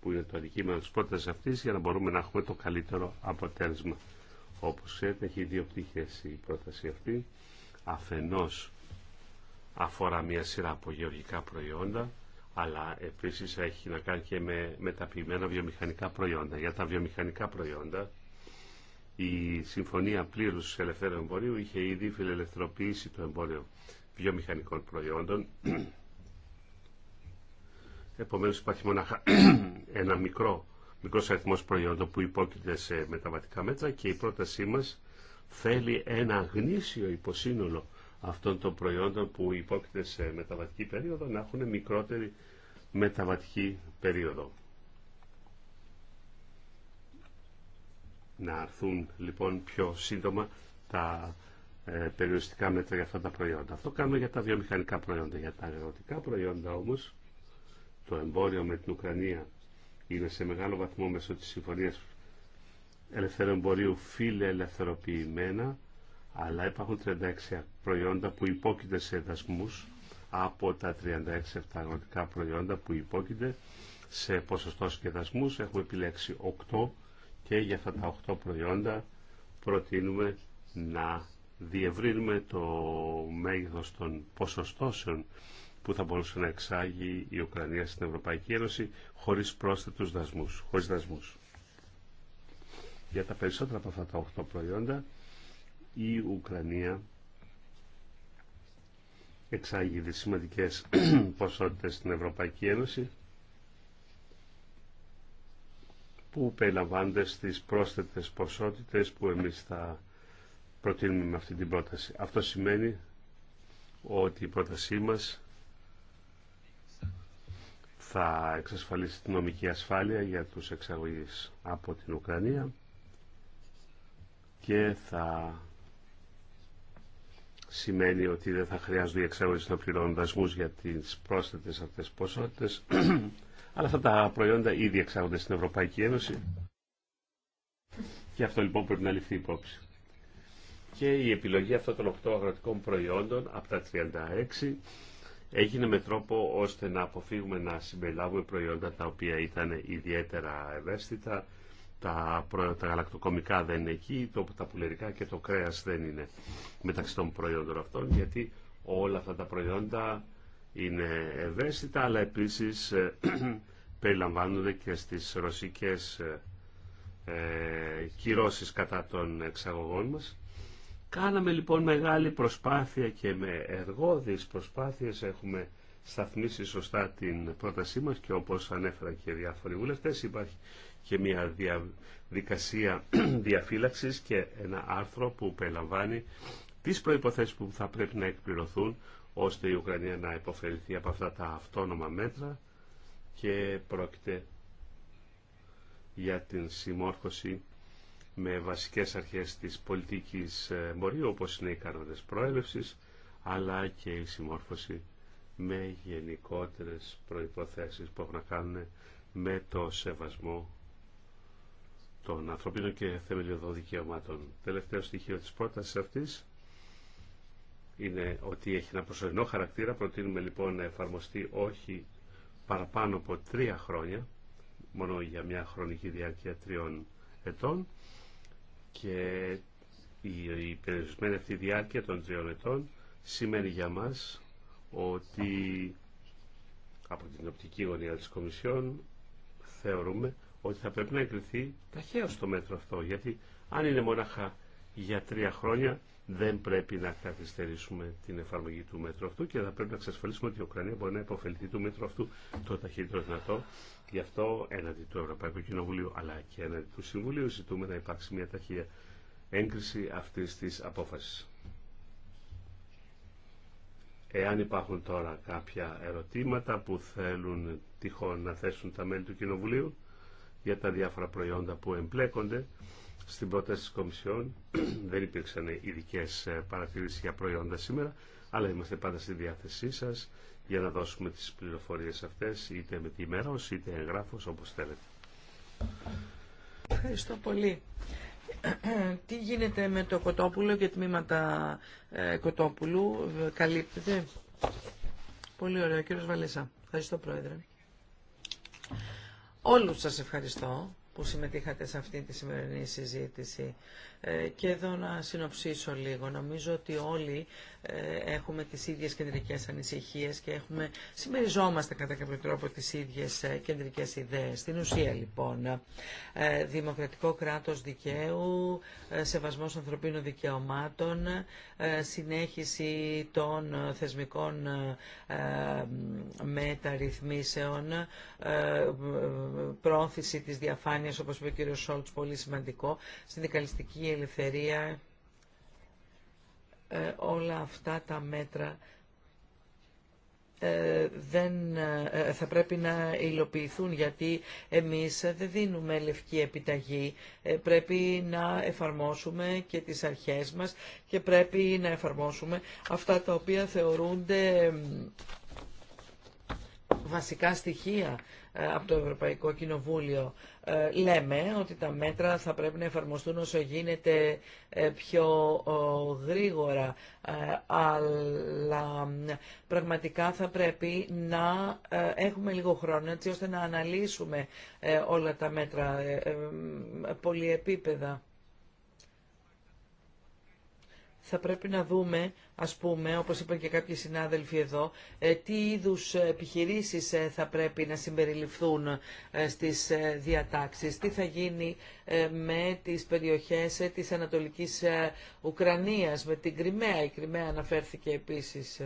που είναι το αντικείμενο της πρότασης αυτής για να μπορούμε να έχουμε το καλύτερο αποτέλεσμα. Όπως ξέρετε έχει δύο πτυχές η πρόταση αυτή. Αφενός αφορά μια σειρά από γεωργικά προϊόντα αλλά επίσης έχει να κάνει και με ποιημένα βιομηχανικά προϊόντα. Για τα βιομηχανικά προϊόντα η Συμφωνία Πλήρους Ελευθέρου Εμπορίου είχε ήδη φιλελευθερωποιήσει το εμπόριο βιομηχανικών προϊόντων. Επομένως υπάρχει μόνο ένα μικρό, μικρός αριθμός προϊόντων που υπόκειται σε μεταβατικά μέτρα και η πρότασή μας θέλει ένα γνήσιο υποσύνολο αυτών των προϊόντων που υπόκειται σε μεταβατική περίοδο να έχουν μικρότερη μεταβατική περίοδο. να έρθουν λοιπόν πιο σύντομα τα ε, περιοριστικά μέτρα για αυτά τα προϊόντα. Αυτό κάνουμε για τα βιομηχανικά προϊόντα. Για τα αγροτικά προϊόντα όμως, το εμπόριο με την Ουκρανία είναι σε μεγάλο βαθμό μέσω της Συμφωνίας Ελευθερου Εμπορίου φιλελευθερωποιημένα, αλλά υπάρχουν 36 προϊόντα που υπόκειται σε δασμούς από τα 36 αγροτικά προϊόντα που υπόκειται σε ποσοστό και δασμούς. Έχουμε επιλέξει 8 και για αυτά τα 8 προϊόντα προτείνουμε να διευρύνουμε το μέγεθος των ποσοστώσεων που θα μπορούσε να εξάγει η Ουκρανία στην Ευρωπαϊκή Ένωση χωρίς πρόσθετους δασμούς, χωρίς δασμούς. Για τα περισσότερα από αυτά τα 8 προϊόντα η Ουκρανία εξάγει σημαντικές ποσότητες στην Ευρωπαϊκή Ένωση που περιλαμβάνονται στις πρόσθετες ποσότητες που εμείς θα προτείνουμε με αυτή την πρόταση. Αυτό σημαίνει ότι η πρότασή μας θα εξασφαλίσει την νομική ασφάλεια για τους εξαγωγείς από την Ουκρανία και θα σημαίνει ότι δεν θα χρειάζονται οι εξαγωγείς να πληρώνουν δασμούς για τις πρόσθετες αυτές ποσότητες αλλά αυτά τα προϊόντα ήδη εξάγονται στην Ευρωπαϊκή Ένωση. Και αυτό λοιπόν πρέπει να ληφθεί υπόψη. Και η επιλογή αυτών των 8 αγροτικών προϊόντων από τα 36 έγινε με τρόπο ώστε να αποφύγουμε να συμπεριλάβουμε προϊόντα τα οποία ήταν ιδιαίτερα ευαίσθητα. Τα, τα γαλακτοκομικά δεν είναι εκεί, το, τα πουλερικά και το κρέας δεν είναι μεταξύ των προϊόντων αυτών, γιατί όλα αυτά τα προϊόντα είναι ευαίσθητα, αλλά επίσης ε, περιλαμβάνονται και στις ρωσικές ε, ε, κυρώσεις κατά των εξαγωγών μας. Κάναμε λοιπόν μεγάλη προσπάθεια και με εργόδεις προσπάθειες έχουμε σταθμίσει σωστά την πρότασή μας και όπως ανέφερα και διάφοροι βουλευτές υπάρχει και μια διαδικασία διαφύλαξης και ένα άρθρο που περιλαμβάνει τις προϋποθέσεις που θα πρέπει να εκπληρωθούν ώστε η Ουκρανία να υποφεληθεί από αυτά τα αυτόνομα μέτρα και πρόκειται για την συμμόρφωση με βασικές αρχές της πολιτικής ε, μπορεί όπως είναι οι κανόνες προέλευσης αλλά και η συμμόρφωση με γενικότερες προϋποθέσεις που έχουν να κάνουν με το σεβασμό των ανθρωπίνων και θεμελιωδών δικαιωμάτων. Τελευταίο στοιχείο της πρότασης αυτής είναι ότι έχει ένα προσωρινό χαρακτήρα. Προτείνουμε λοιπόν να εφαρμοστεί όχι παραπάνω από τρία χρόνια, μόνο για μια χρονική διάρκεια τριών ετών και η περιορισμένη αυτή διάρκεια των τριών ετών σημαίνει για μας ότι από την οπτική γωνία της Κομισιόν θεωρούμε ότι θα πρέπει να εγκριθεί ταχαίως το μέτρο αυτό γιατί αν είναι μονάχα για τρία χρόνια δεν πρέπει να καθυστερήσουμε την εφαρμογή του μέτρου αυτού και θα πρέπει να εξασφαλίσουμε ότι η Ουκρανία μπορεί να υποφεληθεί του μέτρου αυτού το ταχύτερο δυνατό. Γι' αυτό έναντι του Ευρωπαϊκού Κοινοβουλίου αλλά και έναντι του Συμβουλίου ζητούμε να υπάρξει μια ταχεία έγκριση αυτή τη απόφαση. Εάν υπάρχουν τώρα κάποια ερωτήματα που θέλουν τυχόν να θέσουν τα μέλη του Κοινοβουλίου για τα διάφορα προϊόντα που εμπλέκονται, στην πρόταση της Κομισιόν δεν υπήρξαν ειδικέ ε, παρατηρήσεις για προϊόντα σήμερα, αλλά είμαστε πάντα στη διάθεσή σας για να δώσουμε τις πληροφορίες αυτές, είτε με τη μέρα, είτε εγγράφος, όπως θέλετε. Ευχαριστώ πολύ. Τι γίνεται με το κοτόπουλο και τμήματα ε, κοτόπουλου, καλύπτεται. Πολύ ωραίο, κύριος Βαλέσα. Ευχαριστώ, Πρόεδρε. Όλους σας ευχαριστώ που συμμετείχατε σε αυτή τη σημερινή συζήτηση. Ε, και εδώ να συνοψίσω λίγο. Νομίζω ότι όλοι ε, έχουμε τις ίδιες κεντρικές ανησυχίες και έχουμε, συμμεριζόμαστε κατά κάποιο τρόπο τις ίδιες ε, κεντρικές ιδέες. Στην ουσία λοιπόν, δημοκρατικό κράτος δικαίου, σεβασμός ανθρωπίνων δικαιωμάτων, συνέχιση των θεσμικών μεταρρυθμίσεων, πρόθεση της διαφάνειας, όπως είπε ο κ. Σόλτς, πολύ σημαντικό, συνδικαλιστική ελευθερία, ε, όλα αυτά τα μέτρα ε, δεν ε, θα πρέπει να υλοποιηθούν γιατί εμείς δεν δίνουμε λευκή επιταγή. Πρέπει να εφαρμόσουμε και τις αρχές μας και πρέπει να εφαρμόσουμε αυτά τα οποία θεωρούνται βασικά στοιχεία ε, από το Ευρωπαϊκό Κοινοβούλιο ε, λέμε ότι τα μέτρα θα πρέπει να εφαρμοστούν όσο γίνεται ε, πιο γρήγορα αλλά πραγματικά θα πρέπει να έχουμε λίγο χρόνο έτσι ώστε να αναλύσουμε όλα τα μέτρα πολυεπίπεδα θα πρέπει να δούμε, ας πούμε, όπως είπαν και κάποιοι συνάδελφοι εδώ, ε, τι είδους επιχειρήσεις ε, θα πρέπει να συμπεριληφθούν ε, στις διατάξεις, τι θα γίνει με τις περιοχές της Ανατολικής Ουκρανίας, με την Κρυμαία. Η Κρυμαία αναφέρθηκε επίσης.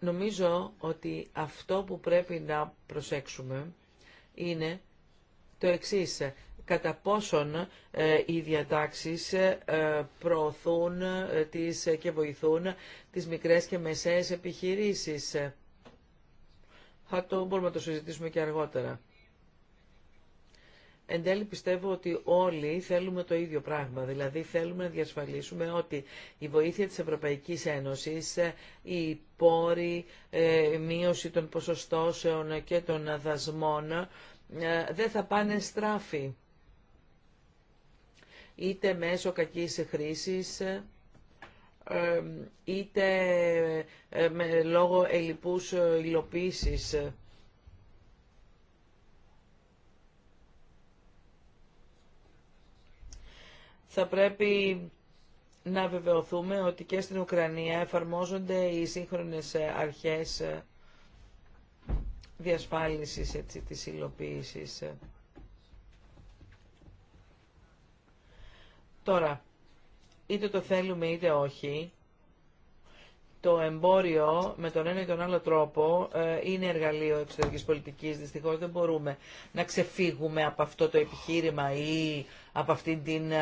Νομίζω ότι αυτό που πρέπει να προσέξουμε είναι το εξής κατά πόσον ε, οι διατάξεις ε, προωθούν ε, τις και βοηθούν τις μικρές και μεσαίες επιχειρήσεις. Θα το μπορούμε να το συζητήσουμε και αργότερα. Εν τέλει πιστεύω ότι όλοι θέλουμε το ίδιο πράγμα, δηλαδή θέλουμε να διασφαλίσουμε ότι η βοήθεια της Ευρωπαϊκής Ένωσης, η πόρη, η μείωση των ποσοστώσεων και των δασμών δεν θα πάνε στράφη είτε μέσω κακής χρήσης, είτε ε, με λόγω ελλειπούς ε, υλοποίησης. Θα πρέπει να βεβαιωθούμε ότι και στην Ουκρανία εφαρμόζονται οι σύγχρονες ε, αρχές διασφάλισης έτσι, της υλοποίησης. Τώρα, είτε το θέλουμε είτε όχι, το εμπόριο με τον ένα ή τον άλλο τρόπο ε, είναι εργαλείο εξωτερικής πολιτικής. Δυστυχώς δεν μπορούμε να ξεφύγουμε από αυτό το επιχείρημα ή από αυτήν την ε,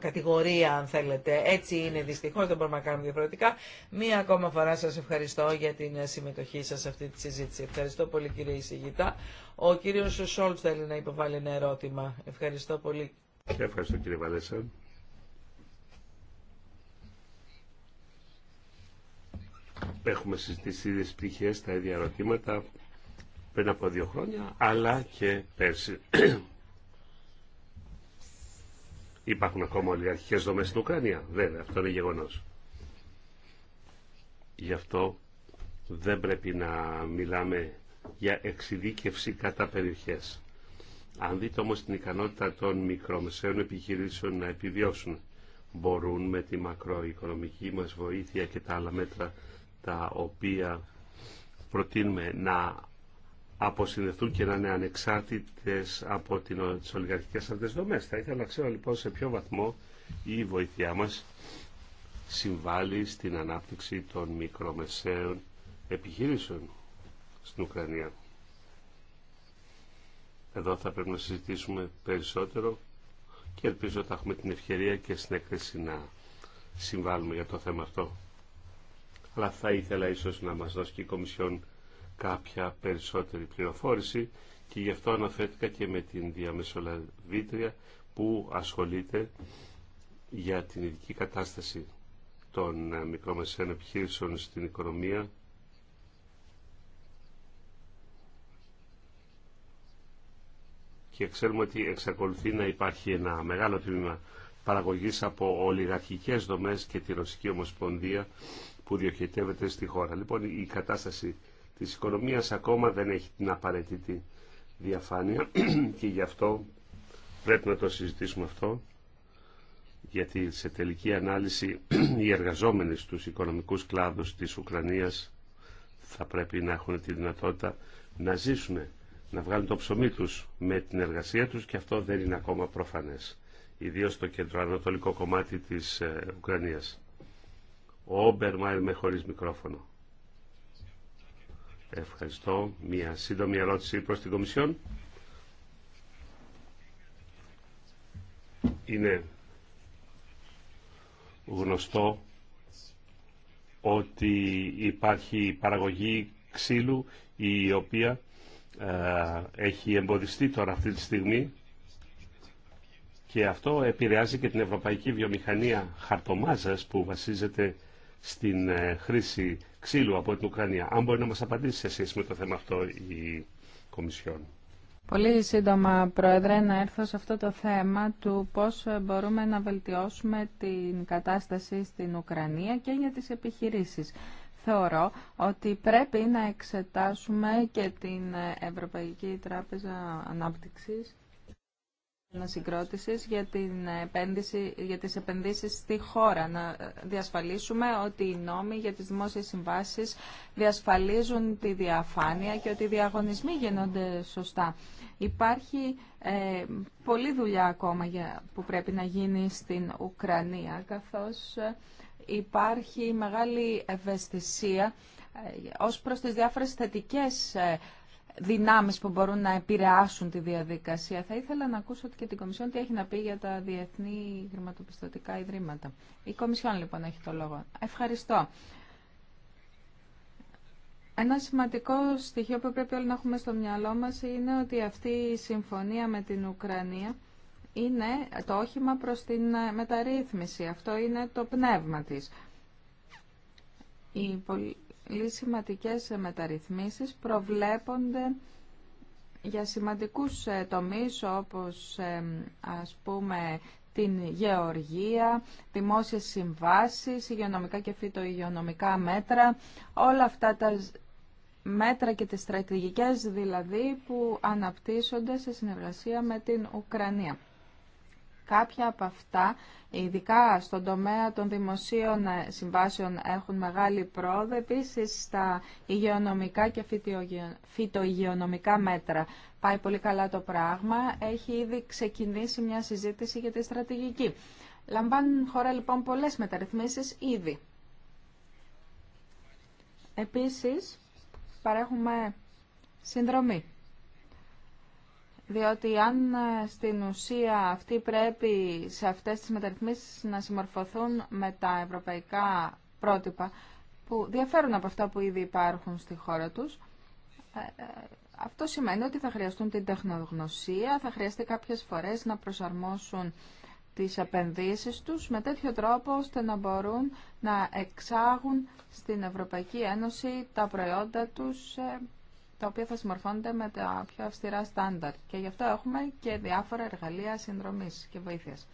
κατηγορία, αν θέλετε. Έτσι είναι δυστυχώς, δεν μπορούμε να κάνουμε διαφορετικά. Μία ακόμα φορά σας ευχαριστώ για την ε, συμμετοχή σας σε αυτή τη συζήτηση. Ευχαριστώ πολύ κύριε Ισηγητά. Ο κύριος Σόλτ θέλει να υποβάλει ένα ερώτημα. Ευχαριστώ πολύ. ευχαριστώ κύριε Βαλέσσα. έχουμε συζητήσει ίδιες πτυχές, τα ίδια ερωτήματα πριν από δύο χρόνια, αλλά και πέρσι. Υπάρχουν ακόμα ολιγαρχικές δομές στην Ουκρανία. Βέβαια, αυτό είναι γεγονός. Γι' αυτό δεν πρέπει να μιλάμε για εξειδίκευση κατά περιοχές. Αν δείτε όμως την ικανότητα των μικρομεσαίων επιχειρήσεων να επιβιώσουν, μπορούν με τη μακροοικονομική μας βοήθεια και τα άλλα μέτρα τα οποία προτείνουμε να αποσυνδεθούν και να είναι ανεξάρτητες από τις ολιγαρχικές αυτές δομές. Θα ήθελα να ξέρω λοιπόν σε ποιο βαθμό η βοήθειά μας συμβάλλει στην ανάπτυξη των μικρομεσαίων επιχειρήσεων στην Ουκρανία. Εδώ θα πρέπει να συζητήσουμε περισσότερο και ελπίζω ότι θα έχουμε την ευκαιρία και στην έκθεση να συμβάλλουμε για το θέμα αυτό αλλά θα ήθελα ίσως να μας δώσει και η Κομισιόν κάποια περισσότερη πληροφόρηση και γι' αυτό αναφέρθηκα και με την διαμεσολαβήτρια που ασχολείται για την ειδική κατάσταση των ε, μικρομεσαίων επιχείρησεων στην οικονομία και ξέρουμε ότι εξακολουθεί να υπάρχει ένα μεγάλο τμήμα παραγωγής από ολιγαρχικές δομές και τη Ρωσική Ομοσπονδία που διοχετεύεται στη χώρα. Λοιπόν, η κατάσταση της οικονομίας ακόμα δεν έχει την απαραίτητη διαφάνεια και γι' αυτό πρέπει να το συζητήσουμε αυτό γιατί σε τελική ανάλυση οι εργαζόμενοι στους οικονομικούς κλάδους της Ουκρανίας θα πρέπει να έχουν τη δυνατότητα να ζήσουν, να βγάλουν το ψωμί τους με την εργασία τους και αυτό δεν είναι ακόμα προφανές, ιδίως στο κεντροανατολικό κομμάτι της ε, Ουκρανίας. Ο Μάιλ με χωρίς μικρόφωνο. Ευχαριστώ. Μια σύντομη ερώτηση προς την Κομισιόν. Είναι γνωστό ότι υπάρχει παραγωγή ξύλου η οποία ε, έχει εμποδιστεί τώρα αυτή τη στιγμή και αυτό επηρεάζει και την ευρωπαϊκή βιομηχανία χαρτομάζας που βασίζεται στην ε, χρήση ξύλου από την Ουκρανία. Αν μπορεί να μας απαντήσει εσείς με το θέμα αυτό η Κομισιόν. Πολύ σύντομα, Πρόεδρε, να έρθω σε αυτό το θέμα του πώς μπορούμε να βελτιώσουμε την κατάσταση στην Ουκρανία και για τις επιχειρήσεις. Θεωρώ ότι πρέπει να εξετάσουμε και την Ευρωπαϊκή Τράπεζα Ανάπτυξης ανασυγκρότηση για, την επένδυση, για τις επενδύσεις στη χώρα. Να διασφαλίσουμε ότι οι νόμοι για τις δημόσιες συμβάσεις διασφαλίζουν τη διαφάνεια και ότι οι διαγωνισμοί γίνονται σωστά. Υπάρχει ε, πολλή δουλειά ακόμα για, που πρέπει να γίνει στην Ουκρανία, καθώς ε, υπάρχει μεγάλη ευαισθησία ε, ως προς τις διάφορες θετικές δυνάμεις που μπορούν να επηρεάσουν τη διαδικασία. Θα ήθελα να ακούσω και την Κομισιόν τι έχει να πει για τα διεθνή χρηματοπιστωτικά ιδρύματα. Η Κομισιόν λοιπόν έχει το λόγο. Ευχαριστώ. Ένα σημαντικό στοιχείο που πρέπει όλοι να έχουμε στο μυαλό μας είναι ότι αυτή η συμφωνία με την Ουκρανία είναι το όχημα προς την μεταρρύθμιση. Αυτό είναι το πνεύμα της σημαντικές μεταρρυθμίσεις προβλέπονται για σημαντικούς ε, τομείς όπως ε, ας πούμε την γεωργία, δημόσιες συμβάσεις, υγειονομικά και φυτο μέτρα, όλα αυτά τα μέτρα και τις στρατηγικές δηλαδή που αναπτύσσονται σε συνεργασία με την Ουκρανία. Κάποια από αυτά, ειδικά στον τομέα των δημοσίων ε, συμβάσεων, έχουν μεγάλη πρόοδο, Επίση, στα υγειονομικά και φυτοϊγειονομικά μέτρα. Πάει πολύ καλά το πράγμα. Έχει ήδη ξεκινήσει μια συζήτηση για τη στρατηγική. Λαμβάνουν χώρα λοιπόν πολλέ μεταρρυθμίσει ήδη. Επίσης, παρέχουμε συνδρομή διότι αν ε, στην ουσία αυτοί πρέπει σε αυτές τις μεταρρυθμίσεις να συμμορφωθούν με τα ευρωπαϊκά πρότυπα που διαφέρουν από αυτά που ήδη υπάρχουν στη χώρα τους, ε, ε, αυτό σημαίνει ότι θα χρειαστούν την τεχνογνωσία, θα χρειαστεί κάποιες φορές να προσαρμόσουν τις επενδύσεις τους με τέτοιο τρόπο ώστε να μπορούν να εξάγουν στην Ευρωπαϊκή Ένωση τα προϊόντα τους τα οποία θα συμμορφώνονται με τα πιο αυστηρά στάνταρ. Και γι' αυτό έχουμε και διάφορα εργαλεία συνδρομής και βοήθειας.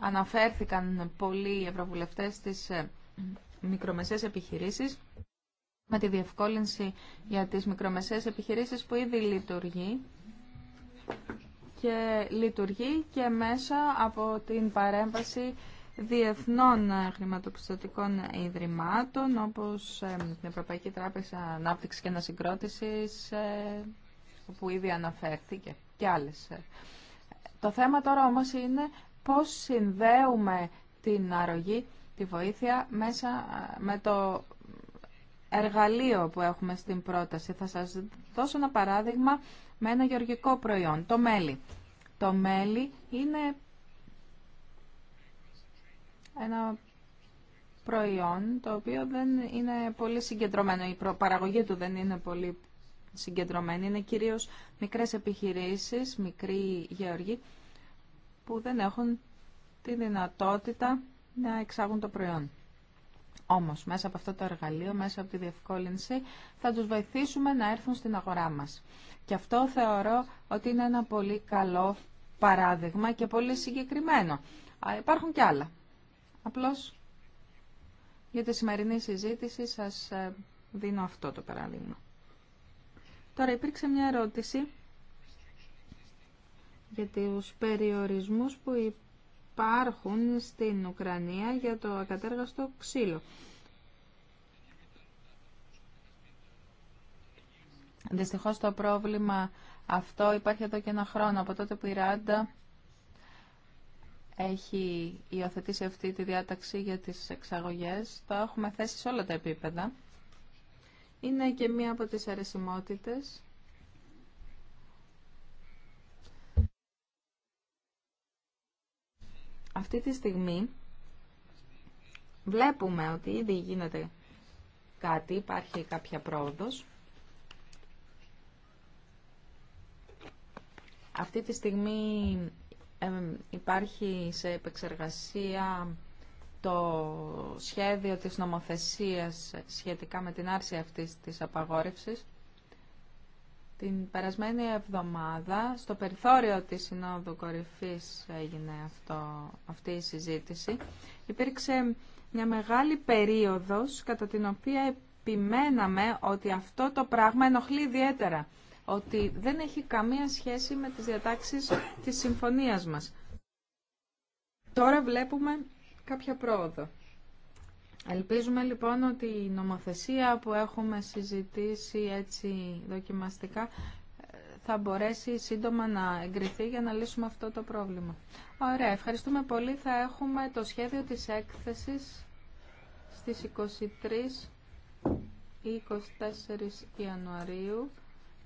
Αναφέρθηκαν πολλοί ευρωβουλευτές στις ε, μικρομεσαίες επιχειρήσεις με τη διευκόλυνση για τις μικρομεσαίες επιχειρήσεις που ήδη λειτουργεί και λειτουργεί και μέσα από την παρέμβαση διεθνών χρηματοπιστωτικών ιδρυμάτων όπως ε, την Ευρωπαϊκή Τράπεζα Ανάπτυξης και Ανασυγκρότησης ε, που ήδη αναφέρθηκε και άλλες. Το θέμα τώρα όμως είναι πώς συνδέουμε την αρρωγή, τη βοήθεια μέσα ε, με το εργαλείο που έχουμε στην πρόταση. Θα σας δώσω ένα παράδειγμα με ένα γεωργικό προϊόν, το μέλι. Το μέλι είναι ένα προϊόν το οποίο δεν είναι πολύ συγκεντρωμένο. Η παραγωγή του δεν είναι πολύ συγκεντρωμένη. Είναι κυρίως μικρές επιχειρήσεις, μικροί γεωργοί που δεν έχουν τη δυνατότητα να εξάγουν το προϊόν. Όμως, μέσα από αυτό το εργαλείο, μέσα από τη διευκόλυνση, θα τους βοηθήσουμε να έρθουν στην αγορά μας. Και αυτό θεωρώ ότι είναι ένα πολύ καλό παράδειγμα και πολύ συγκεκριμένο. Υπάρχουν και άλλα. Απλώς για τη σημερινή συζήτηση σας ε, δίνω αυτό το παράδειγμα. Τώρα υπήρξε μια ερώτηση για τους περιορισμούς που υπάρχουν στην Ουκρανία για το ακατέργαστο ξύλο. Δυστυχώς το πρόβλημα αυτό υπάρχει εδώ και ένα χρόνο από τότε που η Ράντα έχει υιοθετήσει αυτή τη διάταξη για τις εξαγωγές. Το έχουμε θέσει σε όλα τα επίπεδα. Είναι και μία από τις αρεσιμότητες. Αυτή τη στιγμή βλέπουμε ότι ήδη γίνεται κάτι, υπάρχει κάποια πρόοδος. Αυτή τη στιγμή υπάρχει σε επεξεργασία το σχέδιο της νομοθεσίας σχετικά με την άρση αυτής της απαγόρευσης. Την περασμένη εβδομάδα, στο περιθώριο της Συνόδου Κορυφής έγινε αυτή η συζήτηση, υπήρξε μια μεγάλη περίοδος κατά την οποία επιμέναμε ότι αυτό το πράγμα ενοχλεί ιδιαίτερα ότι δεν έχει καμία σχέση με τις διατάξεις της συμφωνίας μας. Τώρα βλέπουμε κάποια πρόοδο. Ελπίζουμε λοιπόν ότι η νομοθεσία που έχουμε συζητήσει έτσι δοκιμαστικά ε, θα μπορέσει σύντομα να εγκριθεί για να λύσουμε αυτό το πρόβλημα. Ωραία, ευχαριστούμε πολύ. Θα έχουμε το σχέδιο της έκθεσης στις 23 ή 24 Ιανουαρίου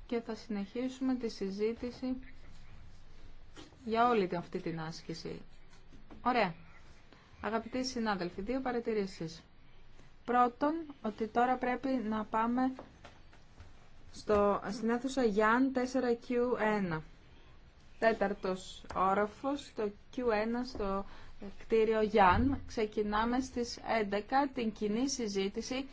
και θα συνεχίσουμε τη συζήτηση για όλη αυτή την άσκηση. Ωραία. Αγαπητοί συνάδελφοι, δύο παρατηρήσεις. Πρώτον, ότι τώρα πρέπει να πάμε στο, στην αίθουσα Γιάν 4Q1. Τέταρτος όροφος, το Q1 στο κτίριο Γιάν. Ξεκινάμε στις 11 την κοινή συζήτηση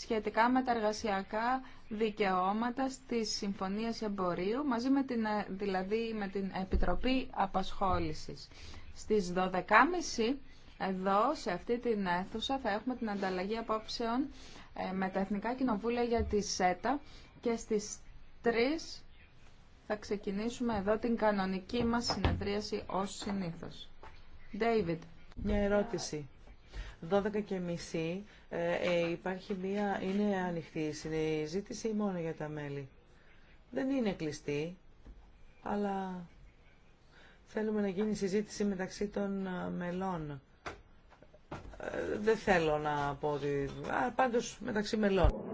σχετικά με τα εργασιακά δικαιώματα στις συμφωνίες εμπορίου μαζί με την, ε, δηλαδή με την Επιτροπή Απασχόλησης. Στις 12.30 εδώ σε αυτή την αίθουσα θα έχουμε την ανταλλαγή απόψεων ε, με τα Εθνικά Κοινοβούλια για τη ΣΕΤΑ και στις 3 θα ξεκινήσουμε εδώ την κανονική μας συνεδρίαση ως συνήθως. David. Μια ερώτηση. 12 και ε, ε, υπάρχει μία, είναι ανοιχτή η συζήτηση μόνο για τα μέλη. Δεν είναι κλειστή, αλλά θέλουμε να γίνει συζήτηση μεταξύ των ε, μελών. Ε, δεν θέλω να πω ότι... Α, πάντως μεταξύ μελών.